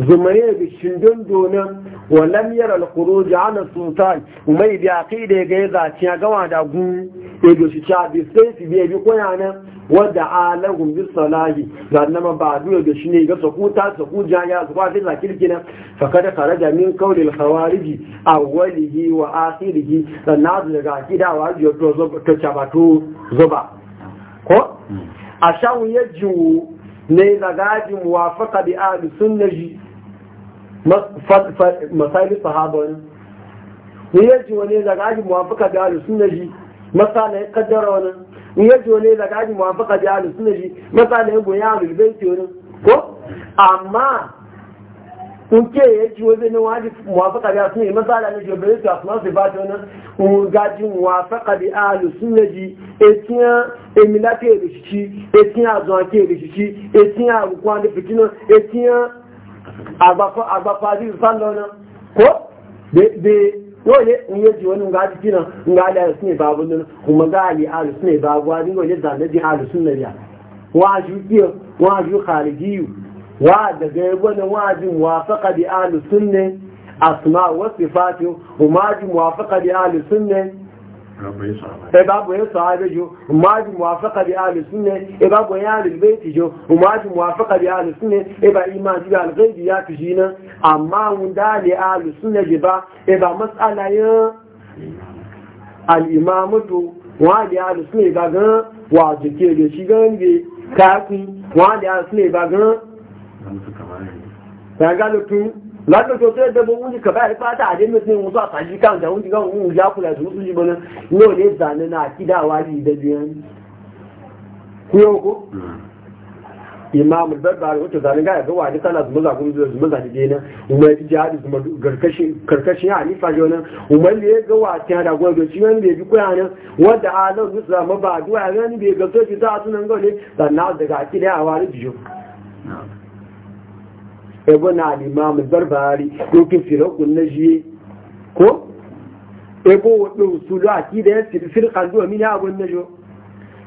zumaye bi shindon donan walam yara al-khuruj ala sultan mai bi aqida ga zaciya gawa da gun e go shi cha bi sai bi bi koyana wadda alahum bi salahi zannama ba duwa da shi ne ga sakuta sakuja ya zuwa kirki zakirki nan fakada kharaja min qawli al khawarij awwalihi wa akhirih sannan daga akida wa jo to zo to chabato zuba ko hmm. a shawun ya jiwo ne zagajin wafaka da sun na ji masali sahaba wani ne ya jiwo ne zagajin wafaka da sun na ji masala ya kaddara wani ne ya jiwo ne zagajin wafaka da sun na ji masala ya goya a baiti wani ko amma nke ya ji wajen na wani muwafaka da sun yi matsala na jobirin su a kuma su ba ta wani gaji muwafaka da ahalu sun na ji etiya emila ke rikici etiya azụma ke rikici etiya abubuwa da fitinan etiya agbafadi sanda wani ko da yole in ya ji nga na wa daga yabo na wajin wafaka da ahli sunne asma wa sifatu umajin wafaka da ahli sunne e babu ya sahabe jo umaji wafaka da ahli sunne e babu ya ahli bait jo umaji da bi ahli sunna e ba imaji ji al-ghaibi ya tujina amma mun da li ahli sunne je ba e ba mas'ala ya al-imamatu wa da ahli sunne ga ga wa jike ga shi ga ni ka ku wa da ahli sunne ba ga ya gano tun lati to sai da bo wuji ka bai fata a dinga sun wuzu a taji kan da wuji kan wuji ya kula su su ji bana no ne zane na kida wali da biyan ku yau ko hmm. imam al-barbari wato zane ga ga wani kana zuma za kun zuwa zuma za ki dena umar jihadi zuma karkashin karkashin halifa jo nan umar ne ga wata da gwado shi nan bai bi koya nan wanda a alau musa ma ba duwa ran bai ga so ki ta ga ne sannan daga kida wali jo na'am ebona na alimamu zarbari dokin firakun na shi ko ebo wadda usulu a ti da ya firkan duwa mini abun na jo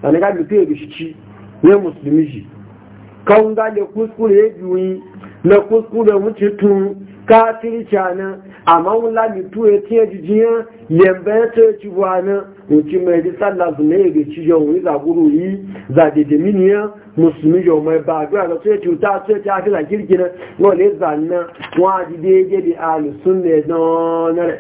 a na gabi fiye bishici ne musulmi shi kawun gane kuskure ya biyu na kuskure wuce tun kafirci nan amma wula mitu ya tiye jijiyan yamba ya tsaye ci buwa nan mutum mai ji sallah su ne ga ci yau yi zaguru yi miniyan musulmi yau mai ba gwa ga tsaye ci ta tsaye ci afirka kirki nan wale zannan wajen daidai da alusun ne donare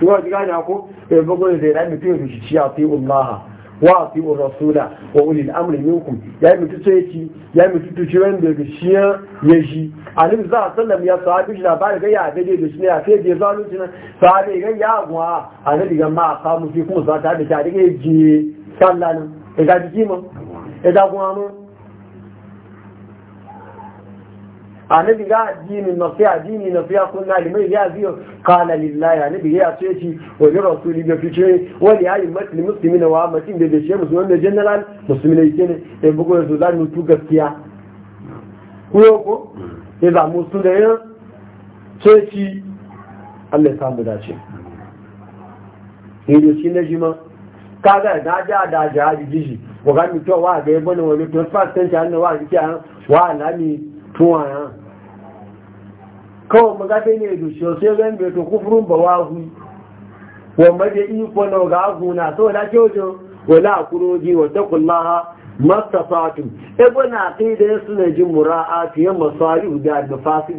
wajen gani ako ya e, bugu da zai rami fiye da shi ciya fi umaha wa fi rasula wa ulil amri minkum ya yi mutu tsaye ci ya yi mutu tuci wanda ga shiya ya shi annabi za sallam ya sahabi shi labari ga ya daidai da shi ne a sai je zalunci nan sahabi ga ya gwa annabi ga ma samu fi kuma sa ta da ta dake ji sallah nan ya e ga jiki mu ya da kuma mu annabi ga dinin nasiha dinin nasiha kunna limai ya biyo qala lillahi annabi ya ce ci wa rasuli bi fice wa li ayi musulmi na wa matin da da shi musulman da general musulmai ne ya e bugo su da mutu gaskiya ko ya zamu su da yan ceci allah ya samu dace ne shi na jima kaga da ja da ja jiji wa ga to wa ga yabo ne wani to fast tanci an wa ki an wa na mi tuwa ya ko mu ga dai ne da shi sai ga mi to kufrun bawahu wa made iko na ga hu na so da ke wajen wala kuroji wa taqullaha mastafatun ebe na ƙidayen suna jin mura'a fiye masu da da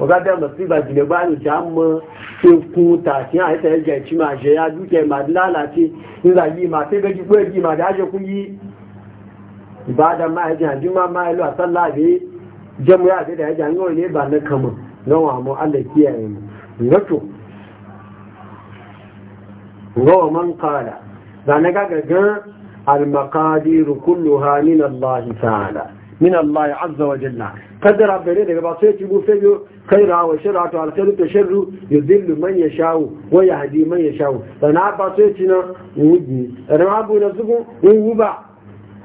ọgádẹ́ mọ̀síbà jìnà bá ní ìjà mọ́ ẹkùn tàṣí àìsẹ̀ ẹjẹ̀ ìṣímà àṣẹyà dúkẹ́ a tí nígbà yìí ma tí gẹ́gẹ́ pé yìí ma yi ba da ma ma ma dáṣekú yìí ìbáadà máa ẹjẹ̀ da máa ẹlú àtàláàdé jẹ́múyà àdédà ẹjẹ̀ ní òní ìbà ní kàmọ̀ lọ́wọ́ àmọ́ alẹ́kí ẹ̀yìn kala ngọ́wọ́ ne ń ga. المقادير كلها من الله تعالى من الله عز وجل قدر ربنا daga ba sai cibu sai yo kaira wa sharatu alkhairu ta sharru yudillu man yashau wa yahdi man yashau sana ba sai cina wudi ran abu na zugu wuba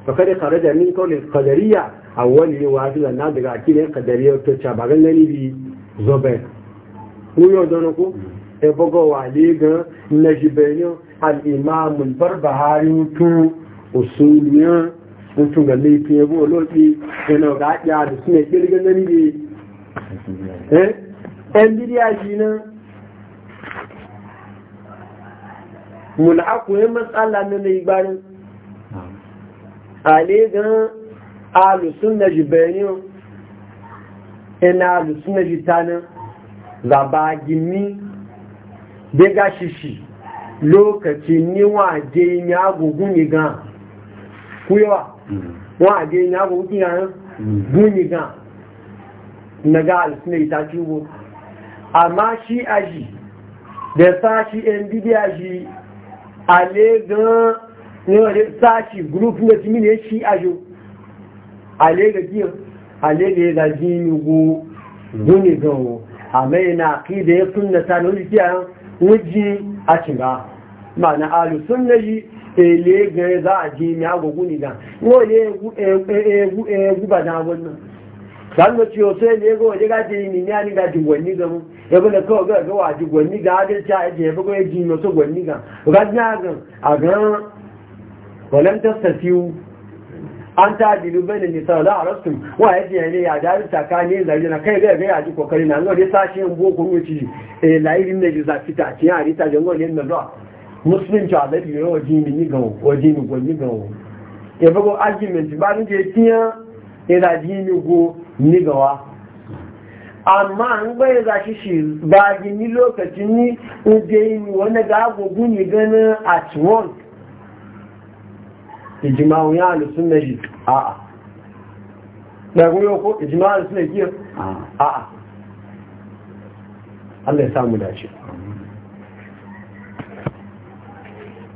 fa kada kharaja min qawli qadariyya awwali wa hadila na daga akidin qadariyya to cha ba gangani bi zobe ku yo don ku e bogo wa liga najibenyo al imam al barbahari tu usuliyan mutum ga laifin yabo olóòtí ẹnà ga ápí àdù sínú ẹgbẹ́ gẹ́gẹ́ níbi ẹnbírí àjíná mùnàkùnrin matsala a igbarin àlégán alùsùn na jù bẹ̀rẹ̀ ẹnà alùsùn na jù tánà zàbàgìmí dégá ṣiṣì lókàtí je, àjẹ́ ìyá ni gan. kuyawa wọn àdé ní àwọn òkú yàrá gúnyì gan naga alìsínà ìtàkì wo àmá a ji da sashi yan bidiya shi a legan da sashi group na ti mini ya shi ajo a lega giyar a lega ya mm. gaji yugo gune gawo a mai na ki da ya suna ta na wujiya wujin a cin ba ma'ana alu sunna yi ele ga za a ji mi agogo ni ga wole egu egu ba na wannan dan da ciyo sai ne ga waje ga ji ni ni ga ji gwani ga mu ya bane ko ga ga wa ji gwani ga da ta je ba ko ji no so gwani ga ga ga a e e ga walam tastafiu an ta dilu bane ni sa da wa e ya ji ya da ta ka ne zari na kai ga ga ya kokari na ngode sashi en boko mu ci eh ji za fita ta na do muslim tí a lè fi yóò jí mi nígan ojí mi gbò nígan o argument bá ní jẹ tí ìdájí mi gbò nígan wa àmá ń gbé ní oúnjẹ inú ga agogun yìí gánà at once ìjìmá òun yá àlùsùn àà lẹ́gùn yóò ìjìmá àà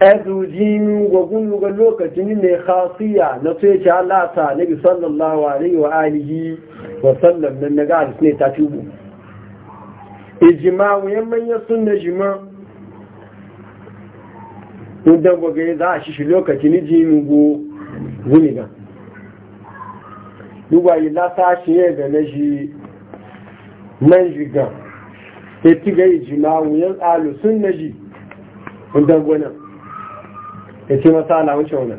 azujin gwagun ga lokacin ne khasiya na sai ce Allah ta nabi sallallahu alaihi wa alihi wa sallam nan naga alisne ta tubu ijma'u yamman ya sunna jima idan gwaga za a shi lokacin jimi go guniga duba yi lasa shi ya ga na shi nan jiga ya tiga ijma'u yan alusun na ji e idan gwanan ya ce masa masala wuce wannan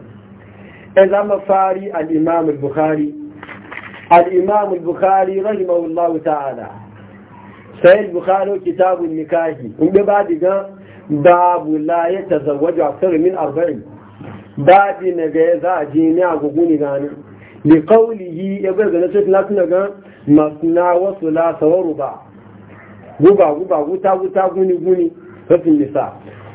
ya zama fari al’imamul Bukhari, bukhari al bukhari rahimahullahu ta'ala sai al-bukhari kitabun nikahi in bi ba diga babu la ya zawajo a min arba'in babi na ga za a ji ni a Ni gani li qawlihi ya ga nasu na gan masna wa thulatha wa ba guba guba guta guta guni guni rafin nisa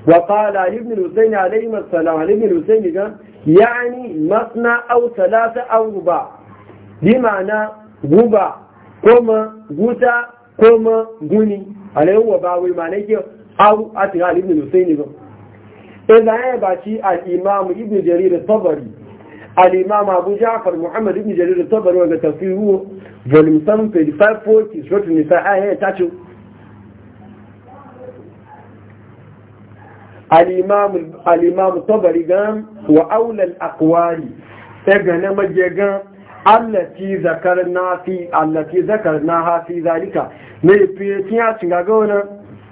وقال علي بن الحسين عليهما السلام علي بن الحسين قال يعني مصنع أو ثلاثة أو ربع بمعنى ربع كما غوتا كما غني عليه هو باوي معنى أو أتي علي بن الحسين إذا هي باشي الإمام ابن جرير الطبري الإمام أبو جعفر محمد ابن جرير الطبري وقال تفسيره volume سم page شوت سورة النساء آية تاتشو al'imamu tabari gan wa aulal akwari ta gane maje gan allafi zakar na zakar na hafi zalika na fiye tun ya cin gaga wani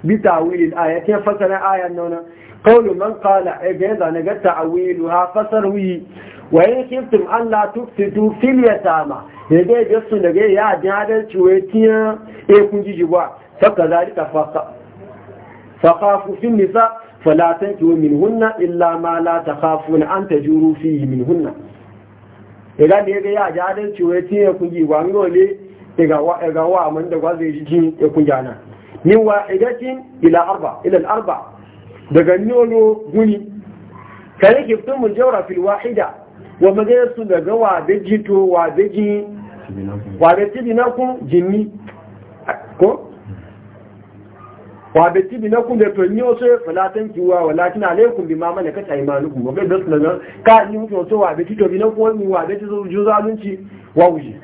bita wilin aya tun fasara ayan nuna kawai man kala a ga yanzu na gata a wilu ha fasar wuyi wa yin kiftin allah tuftitu filiyata ma ya ga yi gasu daga ya adin adalci wai tiyan ekun eh jijiwa saka zalika faka faka fufin nisa fala tankihu minhunna illa ma la takhafuna an tajuru fihi minhunna ega ne ga ya ja dan ciwe ya kungi wa ngole ega wa ega wa man da gwaze ji min wahidatin ila arba ila arba daga nyolo guni kare kiftun mun jawra fil wahida wa magana su daga wa bejito wa beji wa wa bi na kun da to nyo so fala tan wa? walakin alaikum bima malakat aymanukum wa be da sunan ka ni mu so wa be to bi na kun ni wa be ti so ju zalunci wa wuji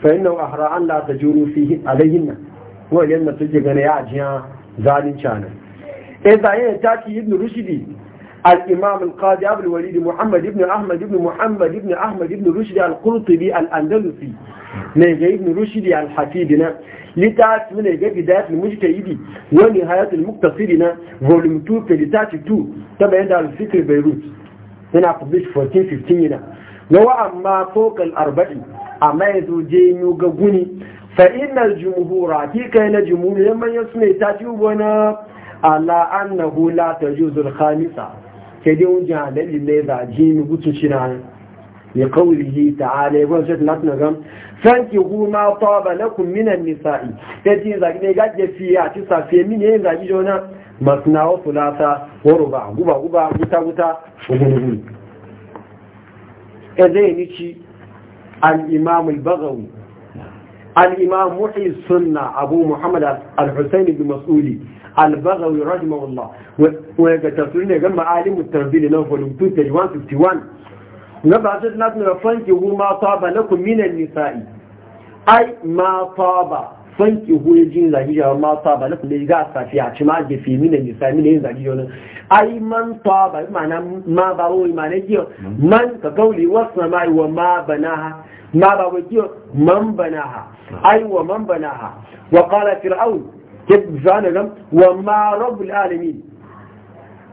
fa inna ahra an la tajuru fihi alayhinna wa lamma gane ya ajiya zalunci ana eh da yin taki ibn rushdi الإمام القاضي أبو الوليد محمد بن أحمد بن محمد بن أحمد بن رشد القرطبي الأندلسي نجا بن رشد الحفيدنا لتعت من نجا بداية المجتهد ونهاية المقتصرنا فوليوم 2 في 32 تبع عند الفكر بيروت هنا publish 1415 هنا لو ما فوق الأربعين أما يزوجي نوغوني فإن الجمهور كان جمهور لما يسمي تاتيو على أنه لا تجوز الخامسة sai dai wajen halali ne da jini gutsu shi na ne kawulihi ta'ala ya gwamnati na tuna gam sanki huma taba na kumminan nisa'i ta ce zagi ne a fulata wa ruba al-imam al sunna abu muhammad al bin البغوي رحمه الله ويقتصرون يقول معالم التنبيل لو فلمتون تجوان 61 نبع سيدنا ابن هو ما طاب لكم من النساء أي ما طاب هو يجين زاجيجا ما طاب لكم ليجا سافيا كما في من النساء من ين زاجيجا أي من طاب معنى ما ضروري معنى جيو من كقولي وصنا والسماء وما بناها ما ضروري من بناها أي ومن بناها وقال فرعون ke zana gam wa ma rabbul alamin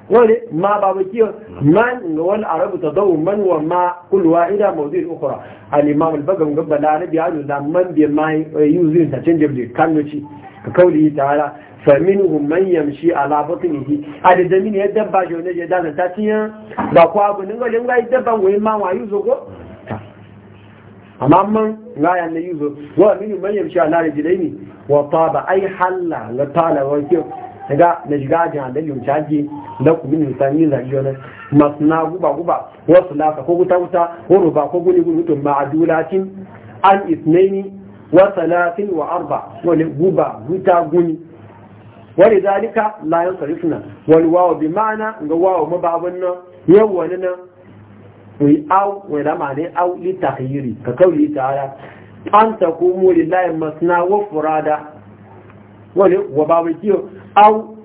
wani ma ba baki man ga wani arabu ta zau man wa ma kulwa ida mawzi ukura al-imam al-bagam ga balarabi anu da man bi ma ta eh, using interchangeably kanoci ka kauli ta'ala fa minhum man yamshi ala batnihi adada min yadda ba jone ya da ta tiya ba ko abu ninga linga yi dabba wai ma wa yuzo ko amma man ga ya ne yuzo wa minhum man yamshi ala rijlaini wata ba ai halla na talawar kyau ga na shiga jin adali wuce ake da ku min sami zariyo na masna guba guba wasu ka ko guta guta ko ruba ko guni guni mutum ma'adulatin an isnaini wa salatin wa arba wani guba guta guni wani zalika layan sarifina wani wawo bi ma'ana ga wawo mababin nan yawon nan wai au wai lamane au li tahyiri ka kauli ta'ala an ta kumo lillahi masna wa furada wani wa babu kiyo au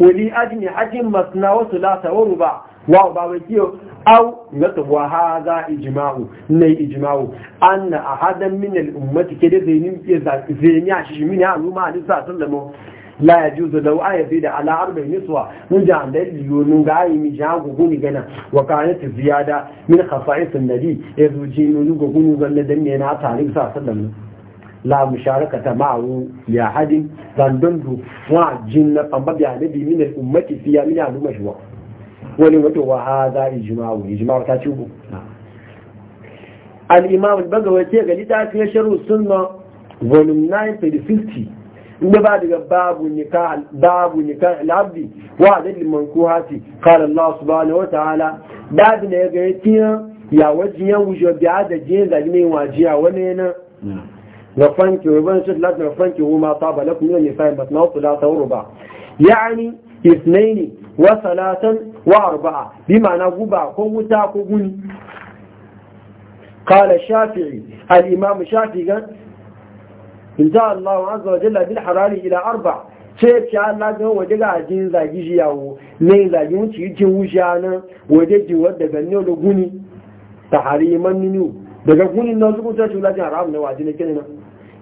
wani ajini hajjin masna wa sulata wa ruba wa babu kiyo au gata wa haza ijma'u ne ijma'u anna ahadan min al ummati kede zainin zainin a shi min ya aluma alisa sallama la ya juzu da wa ya da ala'ar arba nisuwa mun ji an da yonun ga yi mi ja gugu ni gana wa kanat ziyada min khasa'is an-nabi ya zuji nuni gugu ni gana dan ne na tarin sa sallallahu la ta ma'ahu ya hadin zandon du wa jinna pamba bi min al-ummati fi ya min al-umma shwa wani wato wa hadha ijma'u ijma'u ta ci al-imam al-bagawi ce ga litafi sharh sunna volume 9 page 50 da ba daga babu nikah babu nikah al-abdi liman ku mankuhati qala Allah subhanahu wa ta'ala da ne ga yatiya ya wajin ya wujo biya da jin zalimi wajiya wani na fanki wa ban shi latin fanki wa ma taba lakum ne nisa'i batna thulatha wa ba. yani ithnaini wa salatan wa arba'a bi ma'ana guba ko wuta ko guni قال الشافعي الإمام الشافعي in sha Allah azza wa jalla bil harari ila arba sai ki Allah ga waje ga jin zagi shi yawo ne zagi mun ci jin wuja nan waje ji wadda ganne da guni tahariman minu daga gunin nan su kuta tula jin haram ne waje ne kenan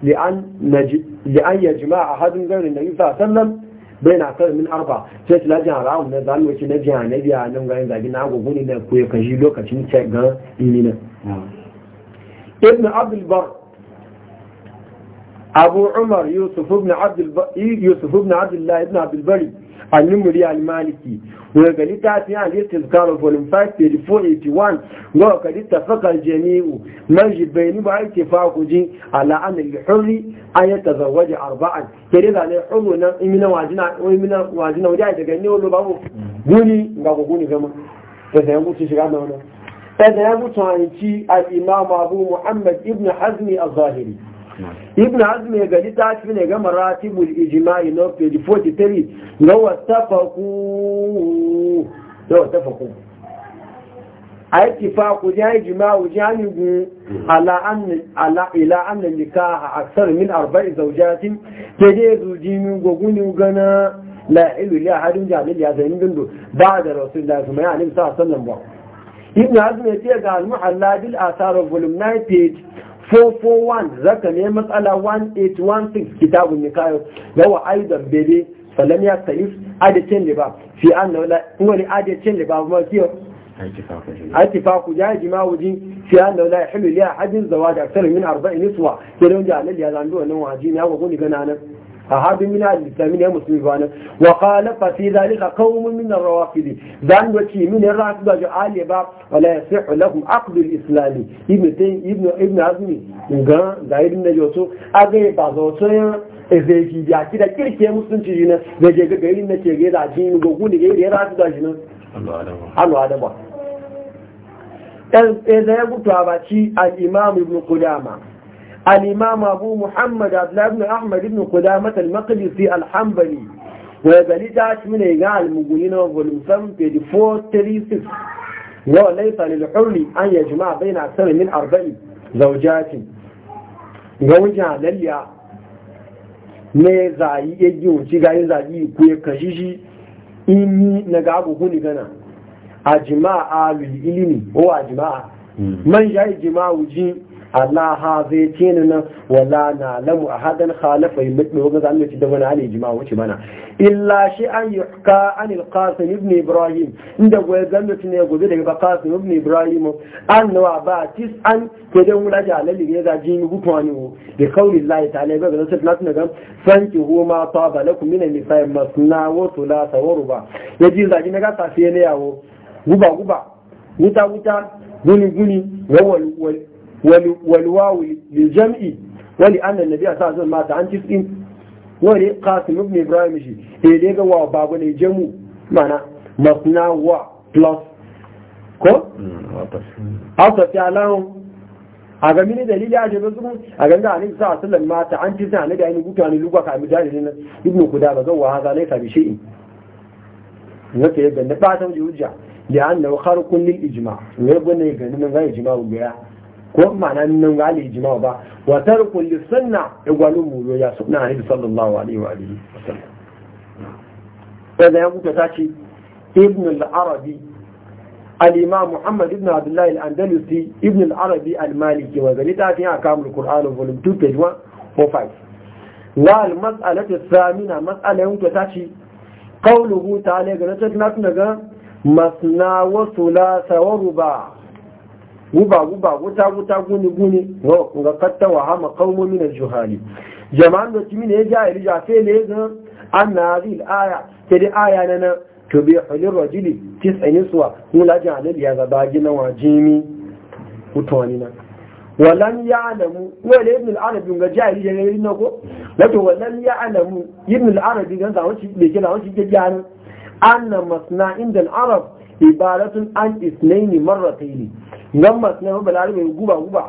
li an naji li an yajma ahadun gairin nabi sallallahu alaihi wasallam baina kan min arba sai tula jin haram ne zan wuce na biya annabi a nan garin zagi na go gunin da ku ya kashi lokacin ce ga ilmi ibn abdul bar abu umar yusuf ibn abdullahi abdulbari al-numuri maliki wani gari ta fi yan listin karo volume 5,481 ga kari tafakar jami'u man jibbaini ba ake fakuji ala amil hurri an yi tazawaje arba'an kere zane hurru na imina wajina wajen daga ne wani babu guni ga guni gama ta sayan gutu da wani ta sayan gutu hanci al-imam abu muhammad ibn hazmi al ibn hazm ya gani ta fi ne ga maratibul ijma'i no page 43 ga wattafaqu da wattafaqu ai tifaku ya ijma'u janibu ala an ala ila an a aksar min arba'i zawjatin kede zujimi goguni gana la ilu li ahadin jamil ya zainin bindo ba da rasulullahi sallallahu alaihi ba ibn hazm ya ce ga al-muhalla bil athar volume 9 441 za matsala 1816 kitabun ya kayo da wa aizan bebe salam Salif saif adetin da ba fi an da wani wani adetin da ba kuma fiye aiki faku ya ji ma wujin fi an da wani ya hajji zawa da salamin arba'in iswa ke don jalil ya zandu wani wajin ya wago ni gana nan أحد من الإسلامين المسلمين فانا وقال ففي ذلك قوم من الروافد ذان وكي من الرافد آل يبا ولا يصح لهم عقد الإسلام ابن تين ابن ابن عزمي نغان زايد من يوسف أغي بازوتين ezeki ya kida kirke musulunci jina da je gari na ke gaida jini gogu ne gaida ya rasu da jina Allah adaba ɗan ɗaya ya gutu a baci al-imam ibn Qudama الإمام أبو محمد عبد الله بن أحمد بن قدامة المقدسي الحنبلي ويقال تعش من إيقاع المقولين والمسلم في 436 لو ليس للحر أن يجمع بين أكثر من أربع زوجات gawujan lalya ne zayi yaggi wuce gayin zayi ko ya kashi shi inni na ga abu huni gana a jima'a lil ilimi ko Allah ha zai ce ni nan wala na lamu a hadan khalafa yi mutu wani zanen ci da wani ali jima wuce mana illa shi an yi ka an ilkasin ibn ibrahim inda goyi zanen ci ne gobe daga bakasin ibn ibrahim an nawa ba tis an ke dan wula ji alalli ne za ji hutu wani wo da kauli layi ta alaiba ga zanen nasu na gan sanki ma ta balaku mina ni masu na wasu la sawaru ba ya ji zagi na gasa fiye na yawo guba guba wuta wuta guni guni wawal والواو للجمع ولأن النبي صلى الله عليه وسلم مات عن تسع ولي قاسم ابن إبراهيم شي إليه قوى باب الجمع معنى مصنع و بلس ko? Hausa hmm, fi alahun a ga mini dalili a jebe zuku a ganga a nisa a sallan mata an ci suna da ainihin gutu ne lugwa ka mijali ne na ibn kuda ba zauwa haza laifa bi shi'in na ta yi ganin ba ta wuce hujja da an na harkun lil ijima ne gane ganin nan zai ijima wuya ko ma'ana nan ga ijma ba wa tarku li sunna igwalu mulo ya sunna ne sallallahu alaihi wa alihi wasallam da ya ta tace ibn al-arabi al-imam muhammad ibn abdullah al-andalusi ibn al-arabi al-maliki wa zalita fi akam al-qur'an volume 2 page 105 la al-mas'alatu ath-thamina mas'ala ta tace qawluhu ta'ala ga na tuna ga masna wa thulatha wa ruba' guba guba wuta wuta guni guni no ga katta wa hama qaumu min al-juhali jama'an da kimi ne jahili ja fe ne ga anna hadhihi al-aya kedi aya na na to bi hulil rajuli tis'in suwa mula ja alal ya zaba gina wajimi utoni na walan ya'lamu wala ibn al arab ga jahili ja ne na ko wato walan ya'lamu ibn al arab ga zawo shi be kila wani ke jahili anna masna'in inda al-arab ibaratun an isnaini marrataini nan masnai wa alamin guba guba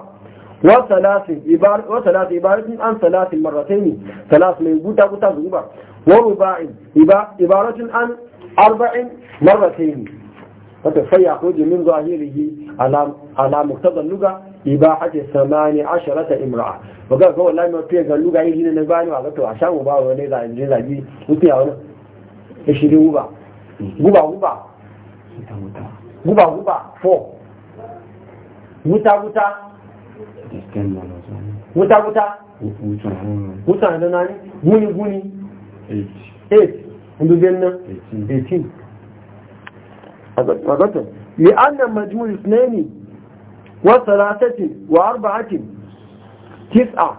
wa salasin ibaratun an salasin marrataini salas mai guta guta guba wa ruba'in ibaratun an arba'in marrataini wata fayya ko min zahirihi ala muktadar luga ibahati samani asharata imra'a waga ga wallahi ma fiye ga luga yi ne na bani wa gato a mu ba wani zaji zaji mutiya wani ya shirin guba guba guba wuta wuta guba guba fo wuta wuta wuta wuta wuta da nani guni guni 8 ndugenna 18 agatun yi annan majmuri sneni wata ratati wa arba'atin tis'a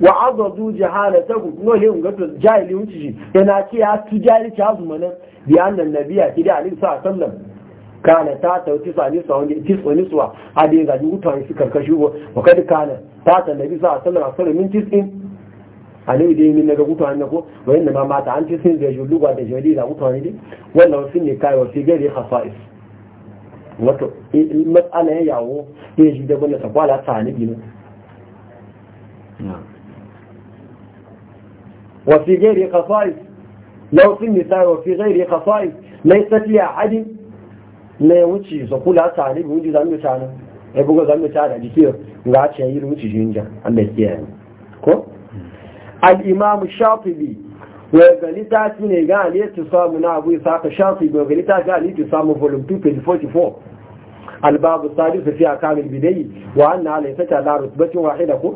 wa azazu jahala ta gudu no hewun gato jahili wunci shi yana ce ya tu jahili ci azu mana bi annan nabiya ki da alisa sallam kana ta ta sa ni sawan ni tis wani suwa hadi ga ji mutane su karkashi go wa kad kana ta ta nabi sa sallallahu alaihi min tisin ani ide min daga mutane na ko wayin inna ma ta an tisin da julu ga da jali da mutane ne wannan sun ne kai wa fi gari khasa'is wato mas'ala ya yawo ya ji da bane sakwala ta ni ne وفي غير خصائص لو في النساء وفي غير خصائص ليست لأحد ne wuce so kula tare mu ji zamu tare E buga zamu tare jiki ga ce yi wuce jinja Allah ya kiyaye ko al imam shafi'i wa ci ne ga ta samu na abu isa ka shafi'i gani ta ga ta samu volume 2 page 44 الباب الثالث في أحكام البدي وأنها ليست على رتبة gan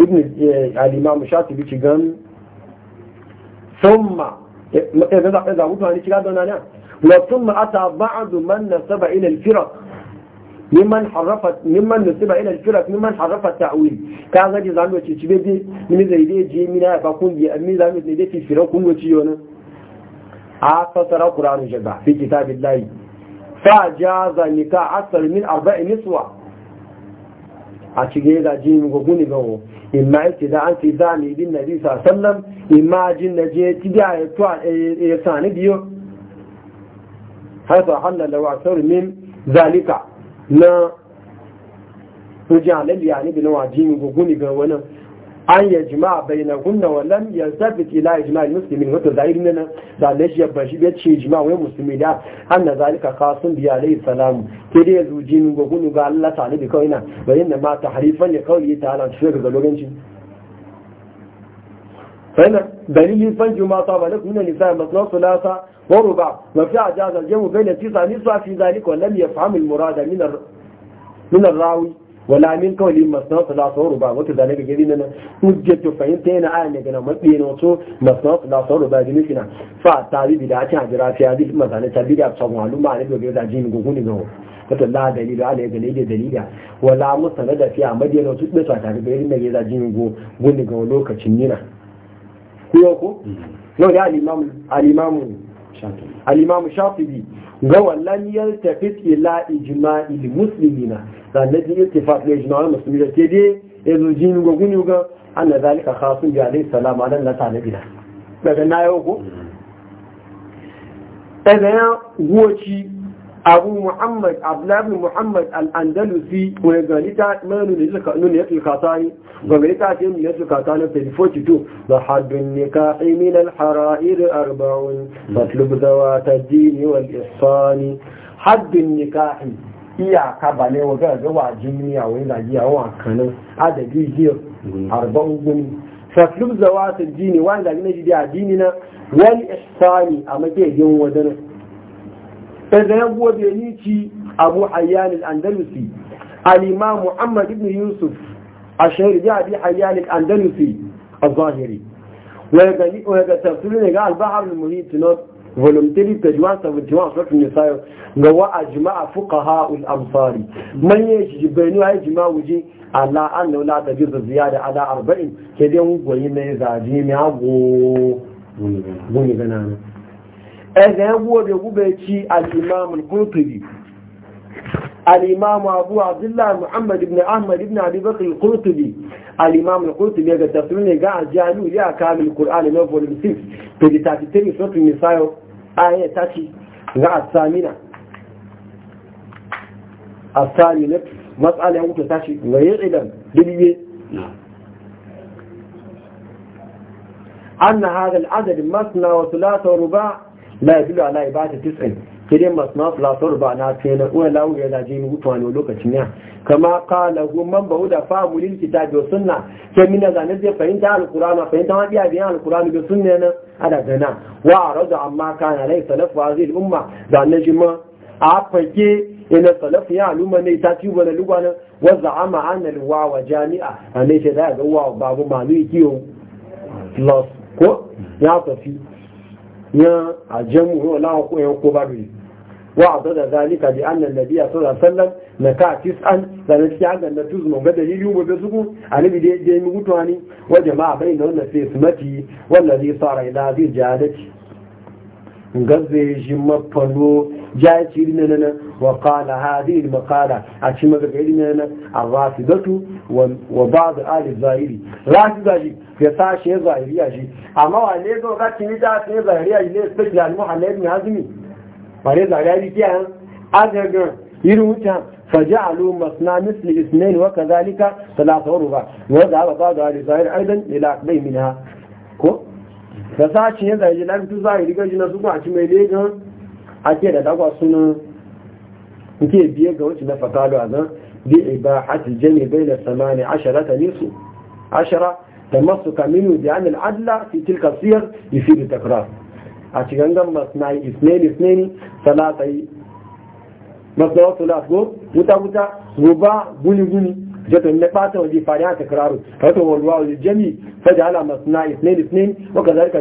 ابن الإمام الشاطبي كان da إذا إذا متى ثم أتى بعض من نسب إلى الفرق ممن حرفت ممن نسب إلى الفرق ممن حرف التأويل كان غادي زعما تشبه دي من زي دي جي منا باكون دي أمي زعما دي في الفرق كون وتيونا عفسر القرآن جبع في كتاب الله فجاز نكاح أكثر من أربع نسوة أشجع جي مغبوني بهو إما إذا أنت إذا النبي صلى الله عليه وسلم إما جن جي تدعي يساني إيه- إيه ديو hasa halala wa wasan min zalika na rujin halalli ya ni bilin wajini guguni ga wani an yi jima bai na gunna wallan ya zafi ila ya jima musulmi wata zahiri ne na zalashi ya bashi ya ce jima wai musulmi da an na zalika kasun biya alayhi salamu ke dai ya jini guguni ga allah ta alibi kawai na bayan da ma ta harifan ya kawai ta halar shi ga zaloganci fahimta دليل فنج ما طاب لك من النساء مثنى ثلاثة وربع وفي عجاز الجمع بين التسع نسوة في ذلك ولم يفهم المراد من الر... من الراوي ولا من قول مثنى ثلاثة وربع وكذلك جديدنا مجد فإنتين آية كنا مدين وصو مثنى ثلاثة وربع جميعنا فالتعبي بلا تعبيرا في هذه المثالة تعبيرا بصوم معلوم عليك وكذا تعجين قوقوني قوه فتلا دليل عليه دليل دليل ولا مستند في عمدين وصو مثنى تعبيرا جميعنا قوقوني قوه لوكا تشنينا kuyo ku mhm. yau alimamu alimamu alimamu shafibi ga wallan yaltafit ila ijma'il muslimina sannan da iltifat na ijma'il muslimina ke de yanzu jini ga guni ga ana zalika khasun bi alayhi salam ala la ta nabi daga na yau ku ɗaya mhm. abu muhammad abdullahi muhammad al'andalusi wani ganita manu nuna ya tulkata ne ganita ce nuna ya tulkata na 42 da haddun nika imin alhara'ir arba'un matlub ta jini wal isfani haddun nika iyaka ba ne wa gaga wa jiniya wani zagiya wa kanin adadi biyar arba'un guni matlub ta jini wani zagi na jidi a jini na wal isfani a makejin wadanin إذا يبوى بيليتي أبو حيان الأندلسي الإمام محمد بن يوسف الشهير جاء أبي حيان الأندلسي الظاهري وهذا تفسيرين قال البحر المهيت نوت volunteer pejuan 71 sura nisayo ga wa ajma'a fuqaha al-amsari man yaji bayinu ay jima wuji ala anna la tajiz ziyada ala 40 kedan goyi ne zaji mi hago guni ganana ẹgbẹ̀ ẹgbẹ̀ ya ci kurtubi alìmáàmù abu abdullahi muhammad ibn ahmad ibn abubakar kurtubi alìmáàmù kurtubi ga tafsir ga a ya kamil kur'an na volume 6 page 33 sautin misayo ayat tashi ga asamina asamina matsala ya tashi ga idan هذا العدد مثنى وثلاثة ورباع la ya ba ala ibata tis'in kide masna flasor ba na na uwa lawu ya da jini hutuwa ne lokacin ya kama qala hum man bauda fa mulil kitabi wa sunna ke mina zane zai fahimta alqur'ana fahimta ma biya biya alqur'ani da sunna na ada gana. wa arada amma kana rai salafu a zai umma zane shi ma a fake ina salafu. ya aluma ne ta ci wala lugwana wa za'ama wa wawa jami'a ne ce a ga wawa babu malu kiyo plus ko ya tafi yan ajamu yau lawa ko yan ko ba bi wa adada zalika bi anna nabiyya sallallahu alaihi wasallam na ka tis'an da na ci hagan da tuzu ga dalili mu ga suku alibi da je mi gutuani wa jama'a bai da wannan sai sumati wallazi sara ila bi jadati ngazze shi mafalo jaci na na. وقال هذه المقالة عشما بقعيدنا هنا الرافضة وبعض آل الظاهري رافضة جي في ساشة ظاهرية جي أما وعليه قد تنجا سي ظاهرية جي ليه سبجل المحلى ابن عزمي وعليه ظاهرية جي كيها أذهب يروتها فجعلوا مصنع مثل اثنين وكذلك ثلاثة وربع وذهب بعض آل الظاهر أيضا إلى أقبي منها فساشة فساشي ظاهرية جي لابد ظاهرية جي نسوك عشما ليه أكيد da dagwa sunan نتيجة بيجا وانت ما فتاله هذا بإباحة الجني بين الثماني عشرة نصو عشرة تمسك منه بعن العدلة في تلك الصير يصير التكرار عشان قام مصنعي اثنين اثنين ثلاثة مصنع ثلاثة قوة متى متى غباء بني بني جاءت النباتة وجي فاريان تكرار فهو الواء للجني فجعل مصنعي اثنين اثنين وكذلك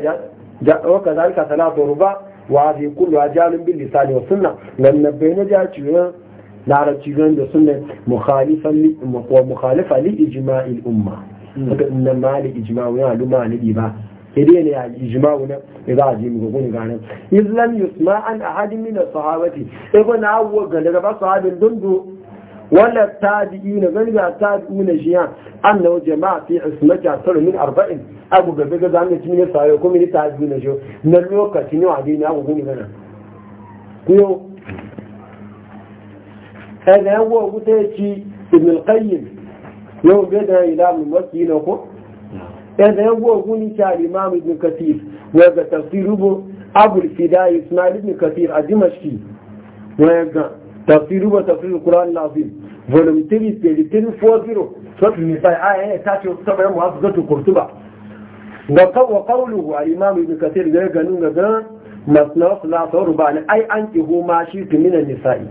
جاء وكذلك ثلاثة وربع wa zai kullu a jalin bin lisani wa sunna wannan bai na ja ciwon larabci gan da sunna wa mukhalifa li ijma'il umma daga nan ma li ijma'u ya luma ne ba idan ne ijma'u na za a ji mu gogun ganin islam yusma an ahadin min as-sahabati ego na awwa ga daga sahabin dundu ولا التابعين غير التابعين جيا أنه جماعة في عصمة أكثر من أربعين أبو بابا قد عمل تمين الصحيح وكم من التابعين جو نلوك تنو عدين أبو بني بنا كيو هذا هو قتاتي ابن القيم يوم بدا إلى من وكينا وكو هذا هو قولي الإمام ابن كثير وهذا تفسيره أبو الفداء إسماعيل ابن كثير الدمشقي وهذا ابو تفسير القرآن العظيم volume 3 page 340 suratul nisa aya ne ta ce saboda mu hafi zato kurtuba wa kawo kaulu a imamu ibn kasir ga ganin ga ga masnawas la sauru ba ne ai an ki huma shi tu minan nisa'i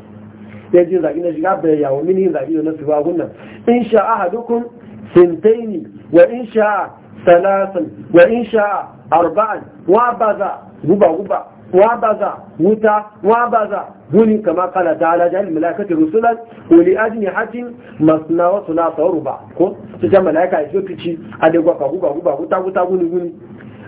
ya ji zaki na shiga bai yawo mini zaki da nasu ba gunnan in sha ahadukum sintaini wa in sha salasan wa in sha arba'an wa baza guba guba wabaza wuta wabaza بني kama kala تعالى da malakatu rusulan wali ajnihatin مصنع wa thulatha ruba ko su ta malaika ya fici a da gwa kagu kagu wuta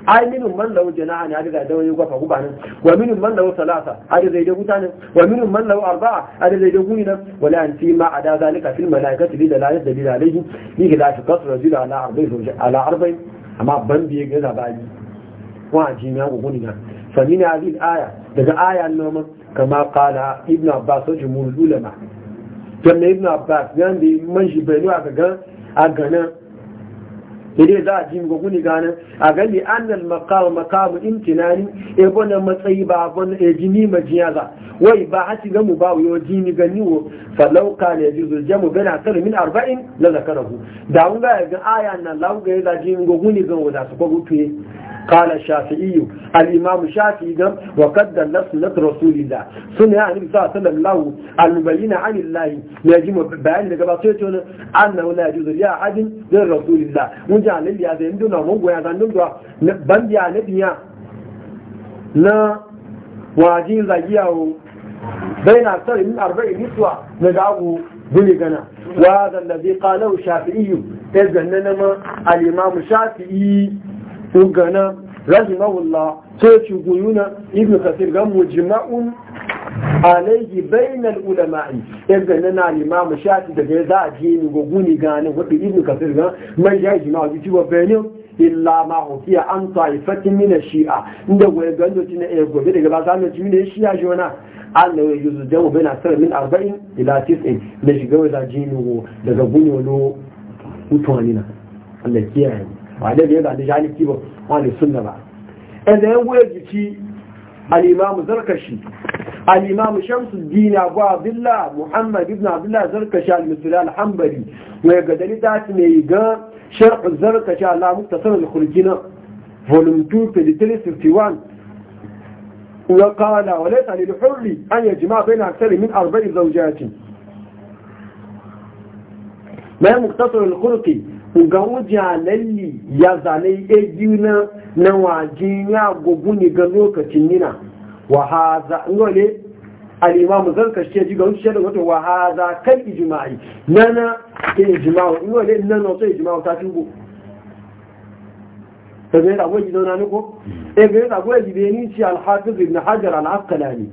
ai minun man lahu jana'a ne hada da wani gwafa kagu nan wa minun man lahu salasa hada zai da wuta ne wa minun man lahu arba'a hada zai da guni nan wala an fi ma ada zalika fil malaikati bi dalalat dalil alayhi ni hila ta kasra ala amma ban biye ga zabani wa guni nan فمن هذه الآية دقى آية النوم كما قال ابن عباس جمهور العلماء جمع ابن عباس جمع ابن عباس جمع ابن ire za a jin gogoni gane a gani an na makawa makawa in tunanin ebola matsayi Babana, abon da wai ba haci gamu ba wuyo ji ni gani wo falauka na eji mu gana tsari arba'in na zakararru da wunga ya ga aya na lauga ya za a jin gogoni gane wadatakwa قال الشافعي الإمام الشافعي وقد دلت سنة رسول الله سنة يعني صلى الله عليه وسلم له المبين عن الله يجب بيان لقباطيتنا أنه لا يجوز لأحد من رسول الله ونجعل اللي هذا عندنا ومقوى هذا النمدوى بندي يا نبيا لا واجين zagiyawo بين أكثر من أربع نسوة نجعه بلغنا وهذا الذي قاله الشافعي إذ أننا الإمام الشافعي ugana rahimahullah sai ci guyuna ibn kasir ga mujma'un alayhi bainal ulama'i ibn na al-imam shafi daga za a ji ni guguni ganin hudu ibn kasir ga man ya jima'a ji ci bayanin illa ma hukiya an ta'ifatin min shia inda goye gando tin e eh, gobe daga ba za mu ji ne shia jona na. ya yuzu jamu baina sar min na ila 90 da shiga wa da jini daga guni wani mutuwa ba da ya zaɗi jaliki ba wani sunna ba ɗan eh, da yan goya jiki al'imamu zarkashi al'imamu shamsu dina abu abdullah muhammad ibn abdullah zarkashi al-misri al-hambari mai ga dali dati mai ga sharh zarkashi ala muktasar al-khurjina volume 2 page 351 وقال وليس للحر أن يجمع بين أكثر من أربع زوجات ما مقتصر الخلقي ga wuja lalli ya zane ya gina na waje ya gugu ne ga lokacin nina wa haza ngole zan imam zarkashi ji ga wuce da wato wa haza kan ijma'i nana ke ijma'u ngole nana to ijma'u ta tugo kaje da waje zauna ne ko e ga da waje da ni ci al-hafiz ibn hajar al-asqalani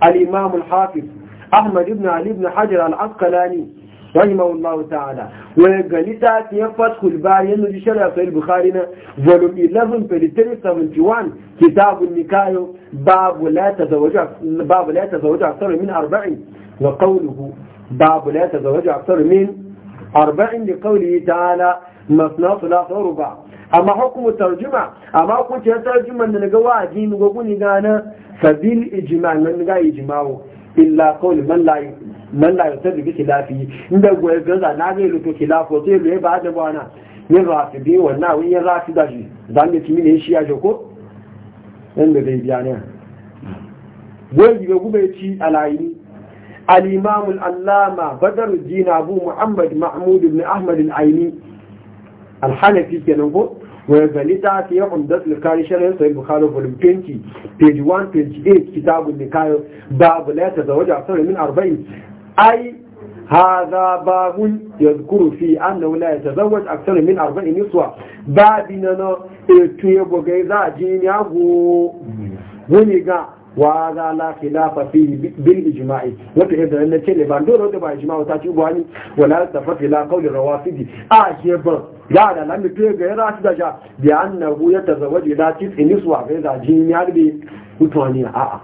al-imam al-hafiz ahmad ibn ali ibn hajar al-asqalani رحمه الله تعالى وقالتا تيفتح الباري أنه جشرة في البخارينا volume 11 page 371 كتاب النكاية باب لا تزوج باب لا تزوج أكثر من أربعين وقوله باب لا تزوج أكثر من أربعين لقوله تعالى مثنى ثلاثة وربع أما حكم الترجمة أما حكم الترجمة أن نقوى دين وقوني قانا فبالإجماع من نقا إجماعه إلا قول من لا man la yata bi khilafi inda goye gaza na ga lutu khilafo sai le ba da bana yin rafi biyu wannan wani yin rafi da shi zan ga kimi ne shi ya ko? dan da dai biyana goye ga gube ci alayi al-imam al-allama badruddin abu muhammad mahmud ibn ahmad al-aini al-hanafi kenan ko ويبنيتا في عمدة الكاري شرعي صحيح بخاري فولم 20 page 128 كتاب النكاية باب لا يتزوج أكثر min 40 أي هذا باب يذكر في أنه لا يتزوج أكثر من أربع نسوة بابنا يتوب غيظا جينيه ونقع وهذا لا خلاف فيه بالإجماع وتعيد أن نتشل باندور هذا بإجماع وتعيبواني ولا يتفق إلى قول الروافدي أعجب يا لا لم يتوب غيظا شدجا بأنه يتزوج إلى تسع نسوة غيظا جينيه وتواني آآ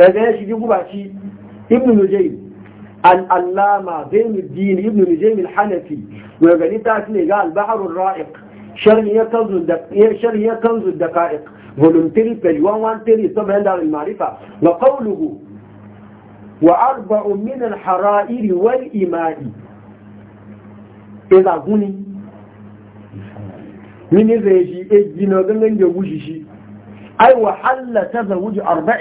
إذا يشجب باشي ابن نجيم الألامة ذين الدين ابن نجيم الحنفي ويقال تأتني قال بحر الرائق شرية كنز الدقائق ولنتري فجوان وانتري طبعا دار المعرفة وقوله وأربع من الحرائر والإماء إذا قني من الرجي الدين وقلن يوجي أي وحل تزوج أربع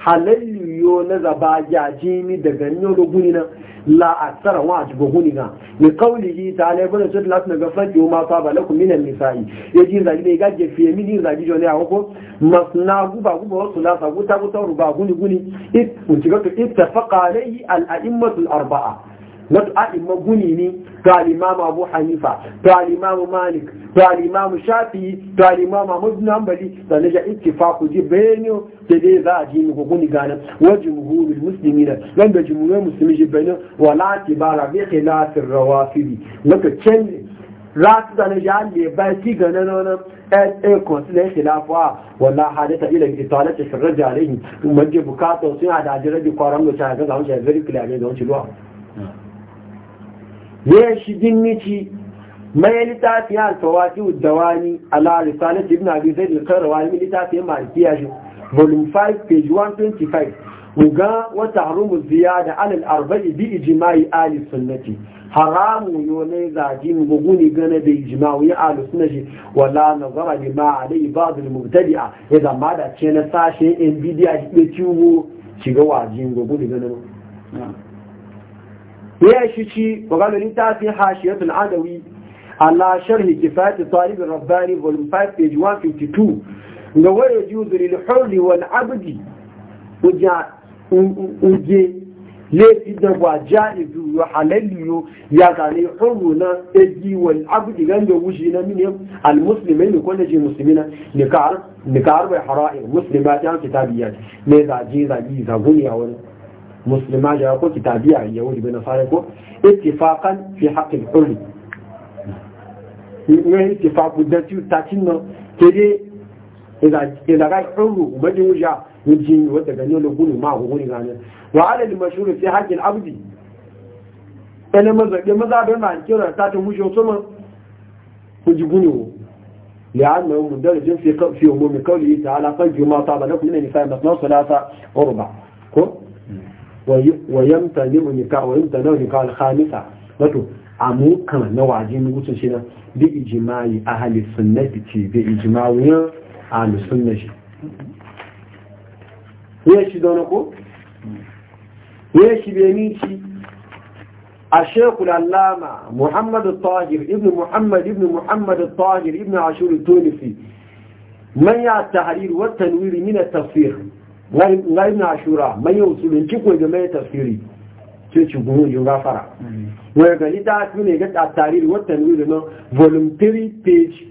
حلل yo na zaba ya jini daga nyo do gunina la aksara wa ji go guniga ni qawlihi ta'ala ibn sud lat na gafat yo ma fa balakum min ya ji yaji zali ne gaje fiye mini zali jone a hoko masna guba guba wasu la sa guta guta ruba guni guni it mutiga to ittafaqa alayhi al-a'immatu al-arba'a na a'imma guni ne to al Abu Hanifa to al-imam Malik to al-imam Shafi'i to al-imam Ahmad bin Hanbali da naja ji bayani da dai za a ji mu guni ganin wa jumhurul muslimin dan da jumhurul muslimin ji bayani wala tibara bi khilaf ar-rawafidi maka canji rasu da na ja ne ba ci ganin wani ɗaya eh, eh, consulate khilafuwa wala hadita ila italat shirra jarihi mun ji bukatar suna da ajirabi kwaran da ta ga zamu shi very clear ne da wancan luwa ya shigin nici mai littafi ya alfawati uddawani ala risalat ibn abi zaid al-qarawani mai littafi ya malikiya shi volume 5 page 125 muga wa tahrumu ziyada ala al-arba'i bi ijma'i ahli sunnati haramu yo ne zaji mu guguni gane da ijma'u ahli sunnati wala nazara lima alai ba'd al-mubtadi'a idan ma da ce na sashe in bidiya shi be ciwo shiga wajin guguni gane ya shi ci fi littafin hashiyatul adawi ala sharhi kifayati talibin rabbani volume 5 page 152 ga waye juzuri hurri wani abdi uje laifin da ba ja'izu ya halalliyo ya gane hurru na egi wal abdi ganga wuce na mini almuslimai ne kwanan ce musulmi na nikar bai hara'in musulmi ba ta kitabiyyar ne zaje zagi zaguniya wani مسلمة جاءكو كتابية اليهود بنصاركو اتفاقا في حق الحر يعني اتفاق بداتيو تاتين كده إذا إذا غير حر وما جوجا نجين ودقنو لبون ما هو غني غني وعلى المشهور في حق العبد أنا مزا يا مزا بما كيرا تاتو مشو سما وجبونيو لأنه مندرج في في عموم قوله تعالى قد ما طاب لكم من النساء مثنى ثلاثة وربع من ويمتنع نكاح ويمتنع نكاح الخامسة وتو عمو كما نواجه نقول شنا بإجماع أهل السنة تي بإجماع أهل السنة ويشي دونكو ويشي بيميشي الشيخ العلامة محمد الطاهر ابن محمد ابن محمد الطاهر ابن عاشور التونسي من يعد التحرير والتنوير من التفسير lai na shura mai yau su bin kiko da mai tafsiri ce ci gudun yin gafara mm-hmm. wani gari ta su ne ga da wata nuna na nan 3 page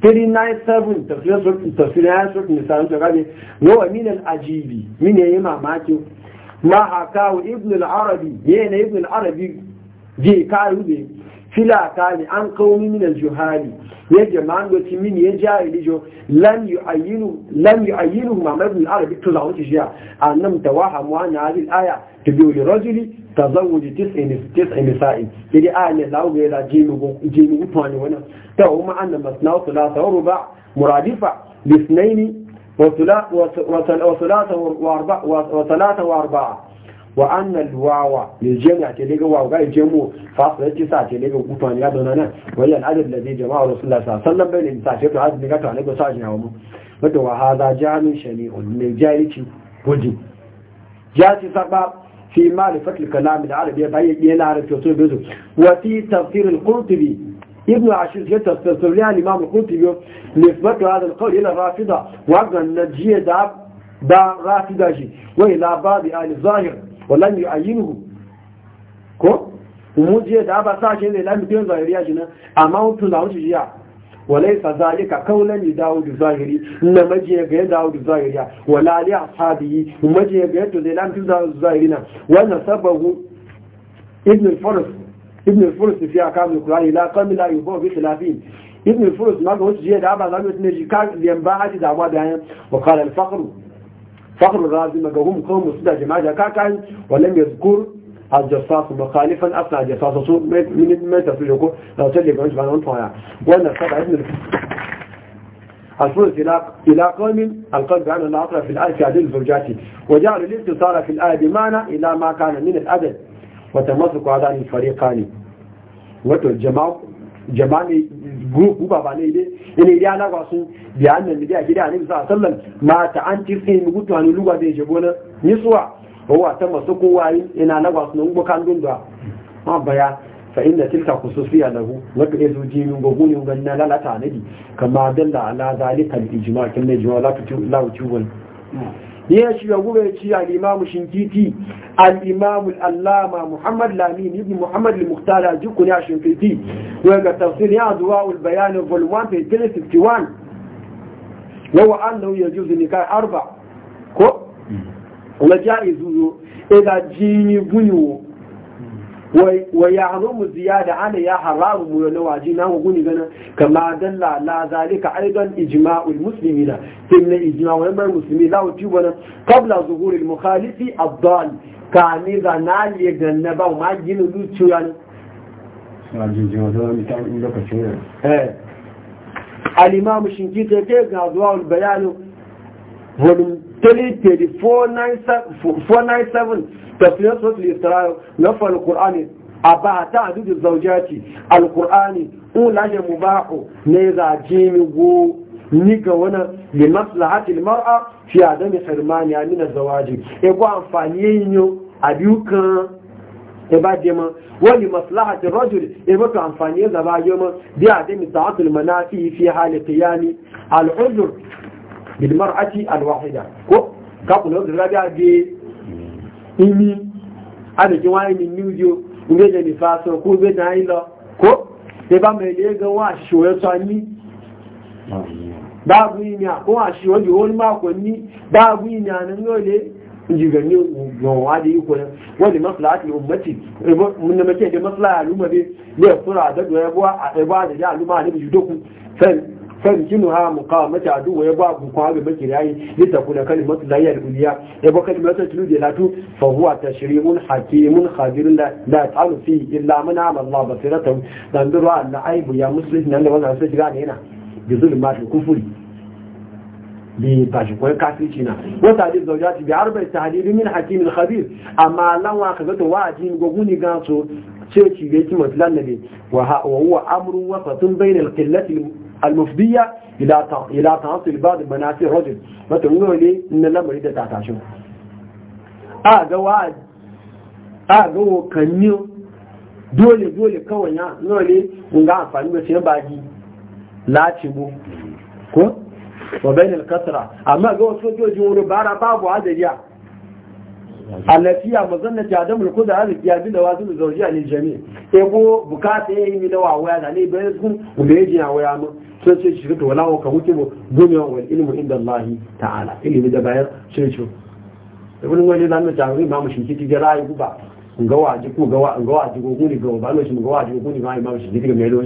397 tafsirin ya sauki misalin ta gabe yawa minan Min ya yi mamakin ma haka wa ibn al-arabi yana ibn al-arabi je kayu ne فلا تالي عن قوم من الجهال يجمع عنه من يجاهل جو لم يعينوا لم يعينوا مع مبن العرب تزعون تجيع أنم تواهم وانا هذه الآية تبيو لرجل تزوج تسع تسع نساء إلي آية لو غير جيمو جيمو طاني وانا تو ما عندنا مثنى وثلاثة وربع مرادفة لاثنين وثلاثة وثلاثة وثلاثة وأربعة وثلاثة وأربعة وثلاث وان الواو للجمع تلقى واو غير جمع فاصل التسع تلقى قطان يا دونانا وهي العدد الذي جمع رسول الله صلى الله عليه وسلم بين النساء شكرا عدد نقاط عليك وساجنا ومو فتوى هذا جامع شميع من الجاري تبودي جاتي سبب في مال فتل الكلام العربية بأي يلا عرف يصير بيزو وفي تفسير القرطبي ابن عشيز يتفسر لها الإمام القرطبي نثبت هذا القول إلى رافضة وأقنا النجية داب دا رافضة جي وإلى باب آل الظاهر walam yu'ayyinuhu ko mu je da ba sa shi ne lam biyo zahiriya shi nan amma mutum da wuce jiya walaysa zalika qawlan li daud zahiri na maje ga daud zahiriya wala mu ashabi maje ga to da lam biyo daud zahiri nan wannan sababu ibn al-furs ibn al-furs fi akam al qurani la qam la yubu bi khilafin ibn al-furs ma ga wuce jiya da ba za mu ne shi ka liyan ba haji da ba da yan wa qala al-faqru فخر الرازي ما قوم سدى جماعة كاكاين ولم يذكر الجصاص مخالفا أصلا الجصاص من في تسجوكو لو تلي بعنج بعنون طايا وانا سبع ابن الفرس إلى قوم القلب عن العطرة في الآية في عدل الزوجات وجعل الانتصار في الآية بمعنى إلى ما كان من الأدب وتمسك على الفريقان وتو جماعة جماعة جروب وبابا ina ya alagwa sun biya annan mi gida annabi sallallahu alaihi wasallam ma ta an tirfi mu gutu hanu lugwa da je gona nisuwa wa ta masu kowa ina alagwa sun ngbo kan dun da ma baya fa inda tilka khususiyya lahu wata ya zuji min gogunin ganna lalata nabi kama dalla ala zalika al ijma' kin ne jawala la tuwal ya shiga gube ya ci al'imamu shinkiti al'imamu al'allama muhammad lamin ibn muhammad al-muhtara ne a shinkiti ga tafsir ya zuwa ulbayanin vol 1 page 361 yawa an nau ya juzu ne kai arba ko na mm. ja'izu yo ila jini bunyiwo wa ya harumu ziyada ana ya hararu mu yana waji na wa guni gana kama dalla la zalika aidan ijma'ul muslimina kinna ijma'ul bar muslimi la wuti bana qabla zuhuril mukhalifi ad ka kani da na le ganna ba ma ginu luciya ne al-imam ta ke ga zuwa al bayanu volume 3 497 tafiyar sautul israel na fal qur'ani a ba ta hadu zaujati alqur'ani un laje mubahu ne za jimi go ni ga wani li maslahati mar'a fi adami hirmani amina zawaji e go amfani yin a biyu kan e ba je ma wani maslahati rajul e ba amfani ya zaba yo ma bi adami sa'atul manafi fi hali qiyami al-uzr bil mar'ati al-wahida ko ka kula da rabi'a bi imi adìkí wọ́n ní níwúdíò ìgbéjẹ̀ nìfà sọ kó gbéjẹ̀ ayé a kó ẹbá mẹ́lẹ̀ ẹgbẹ̀ wọ́n àṣìṣò ẹ̀sọ ní báàbù ìní àkóhùn àṣìṣò jù ó ní máàkò ní báàbù ìní àníyànlẹ̀ ìjìgà ní gbọ̀nwọ́ adé ikú rẹ̀ wọ́n lè mọ́sílá àti òmùmẹ́tì múnamẹ́kẹ́ ẹ̀dẹ́ mọ́sílá àlúmọ̀dé lè fúnra àdọ́dọ̀ ẹbọ́ àdẹ̀dẹ́ àlúmọ̀ àdẹ́bìjì doku fẹ́ẹ̀ kan kinu ha mukamata a duwa ya ba ku kwa ga maki rayi ni ta kula kan matu da yar duniya ya ba kan matu tulu da latu fa huwa tashrimun hakimun khabirun da la ta'lu fi illa man amana Allah basiratan dan duwa anna aibu ya muslim nan da ba sai shiga ne yana bi zulma da kufuri bi ba shi ko ka fi cina ko ta dib zauja ti bi arba tahdidu min hakimin khabir amma lan wa ka to wajin goguni ga so ce ci ga kimatu lan ne wa huwa amru wa fatun bainal qillati المفضية إلى تحصل بعض منافع الرجل فتنقول لي إن لم يريد تعتاشون أعجوا أعجوا كنيو dole dole kawai ya nole kun ga amfani da sai baki lati mu ko wa bainal kasra amma ga wasu bara babu hadariya alafiya mazanna ta da mulku da arziki ya bi da wasu a ne jami Ebo bukata ya yi da wawaya da ne bayan sun da ya jiya waya mu sun ce shi to wala ka huke gumi wa ilmu inda Allah ta'ala ilimi da bayan shirin ce da wani wani zamu ta wuri ma mu shi kiti ga rayu guba ga waji ko ga ga waji ko guri ga ba lo shi ga waji ko guri ma ma shi kiti mai lo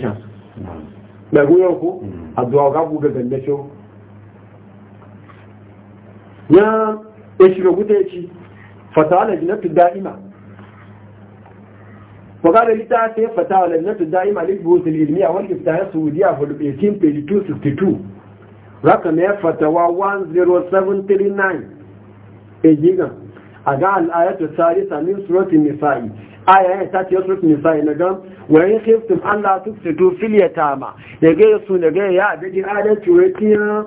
da goyo ko addu'a ga ku ga shi ya fatawar lajinatu da'ima da lita ta yi fatawar lajinatu da'ima lagos ilmiya wani ta yi su a hudu 1862 raka mai fatawa 1079 a gigan a ga al'ayatu tsari samin surotin nisa'i ayayen ta ce surotin nisa'i na gan wani kiftin allah su su tu filiya ta ma da gaya su da gaya ya adajin adajin cewa tiya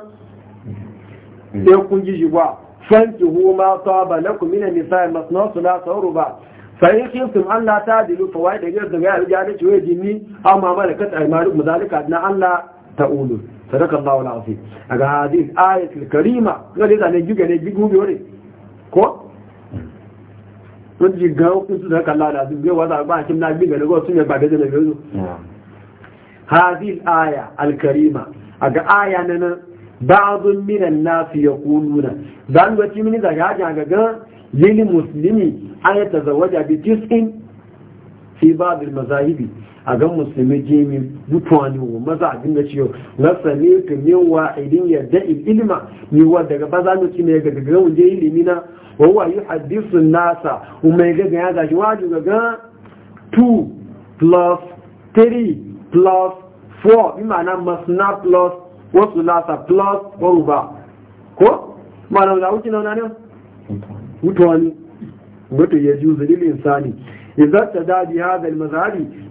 ya kun ji jiwa فانتهوا ما طاب لكم من النساء مثنى ثلاث ورباع فإن خفتم أن لا تعدلوا فوائد غير دغاء رجال توجيني أو ما ملكت أيمانكم ذلك أدنى أن لا تقولوا صدق الله العظيم أجا هذه الآية الكريمة قال إذا نجيك نجيك هو بيوري كو wọ́n ti gan ókú tó dákà lára àti gbé wọ́n tàbí àti náà gbígbẹ̀ lọ́gọ́ tún yẹ gbàgbẹ́ jẹ́ lọ́gọ́ hazil aya alkarima ba'adun minan nasu ya kuluna za mu gaci mini daga hajji gaga lili musulmi an ya tazawaja bi tis'in fi babin mazahibi a gan musulmi jimi mutuwani wa maza a dinga ciyo na sami ka min wa idin yadda ilima ni wa daga ba za mu ci ne daga ga wunje ilimi na wa wa yi hadisun nasa ga ya gaga ya gaji ga gaga 2 plus 3 plus 4 bi ma'ana masna plus wasu lasa plus waruba ko ma'ana da wuce nauna ne mutuwani mutu ya ji insani idan ta dadi hada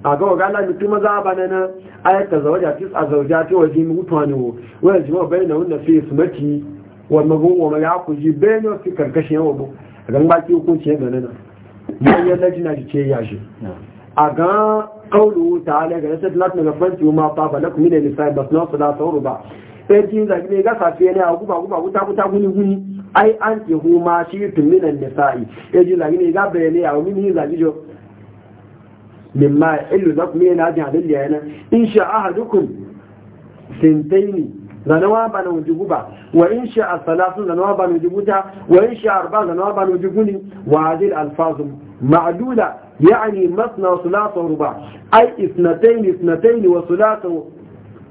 a ga wagala maza ba nan ayata zawaja tis a zawjati wa ji mutuwani wo jima ya ku ji karkashin bu a baki hukunci ya ga nan yan yana jina ji ce ya shi a kawo tare ga yasa tilatin daga fransu yi mafa ba na kumina da sai ba suna suna sauru ba sai cikin zaki ne ga safe ne a guba guba wuta wuta guni guni ai an ke huma shi tumina da sai ya ji zaki ne ga bai ne a wani yin zaki jo min ma ilu za ku mene na jin halin da yana in sha a hadukun sintai ne zanawa ba na wuji guba wa in sha a salasun zanawa ba na wuji guta wa in sha arba zanawa ba na wuji guni wa hadil alfazun ma'adula يعني مثنى وثلاثة ورباع أي اثنتين اثنتين وثلاثة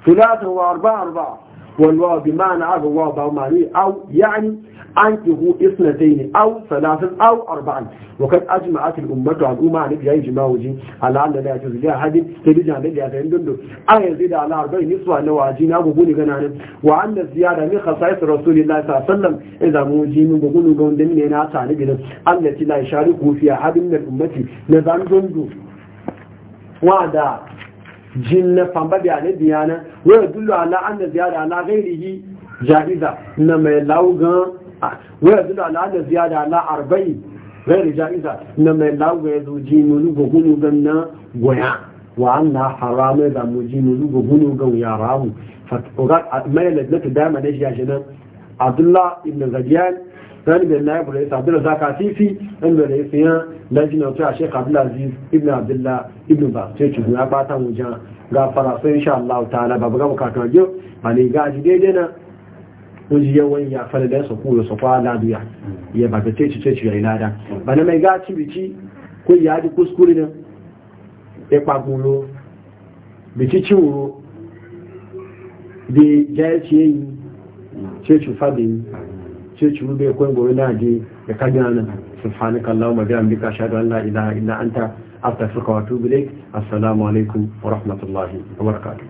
ثلاثة وأربعة أربعة والواو بمعنى عرض الواو بمعنى إيه؟ أو يعني ankihu isnatayn aw thalathan aw arba'an wa kad ajma'at al ummatu al umma an yayin jima'uji ala an la yajuzu li ahadin tabija da ya tayin dundu ay zida ala arba'in niswa na waji na gugu ni gana nan wa anna ziyada min khasa'is rasulillahi sallallahu alaihi wasallam idan mu ji min gugu ga wanda ne na ta ne allati la yashariku fi ahadin min ummati na zan dundu wada jinna famba da ne biyana wa ja'iza na mai laugan wuyar zuwa na da ziyada na arba'in zai rija iza na mai lagwa ya zo ji nulu ga gunu ga na goya wa an na harama ya zamu ji nulu ga ga ya rahu mai da nata dama na shiya shinan abdullah ibn zadiyan sani bin na ibrahim sabila zaka fifi in da rai fiya na jina to a shekaru abdullah aziz ibn abdullah ibn ba sai ki guna fata mu ga fara sai insha allah ta'ala babu ga bukatu a jiyo ba ne ga ji daidai kuji yawan ya fara da su kuwa su kwa laduya ya ba ta ce ce ya ilada ba na mai gaci bici ko ya ji kuskure nan ya kwakuro bici ciwo da jayarci ya yi ci fadi ci rube kwan gobe na ji ya kajin nan subhanaka ma bi bika ashhadu an la ilaha illa anta astaghfiruka wa atubu ilaik assalamu alaikum wa rahmatullahi wa barakatuh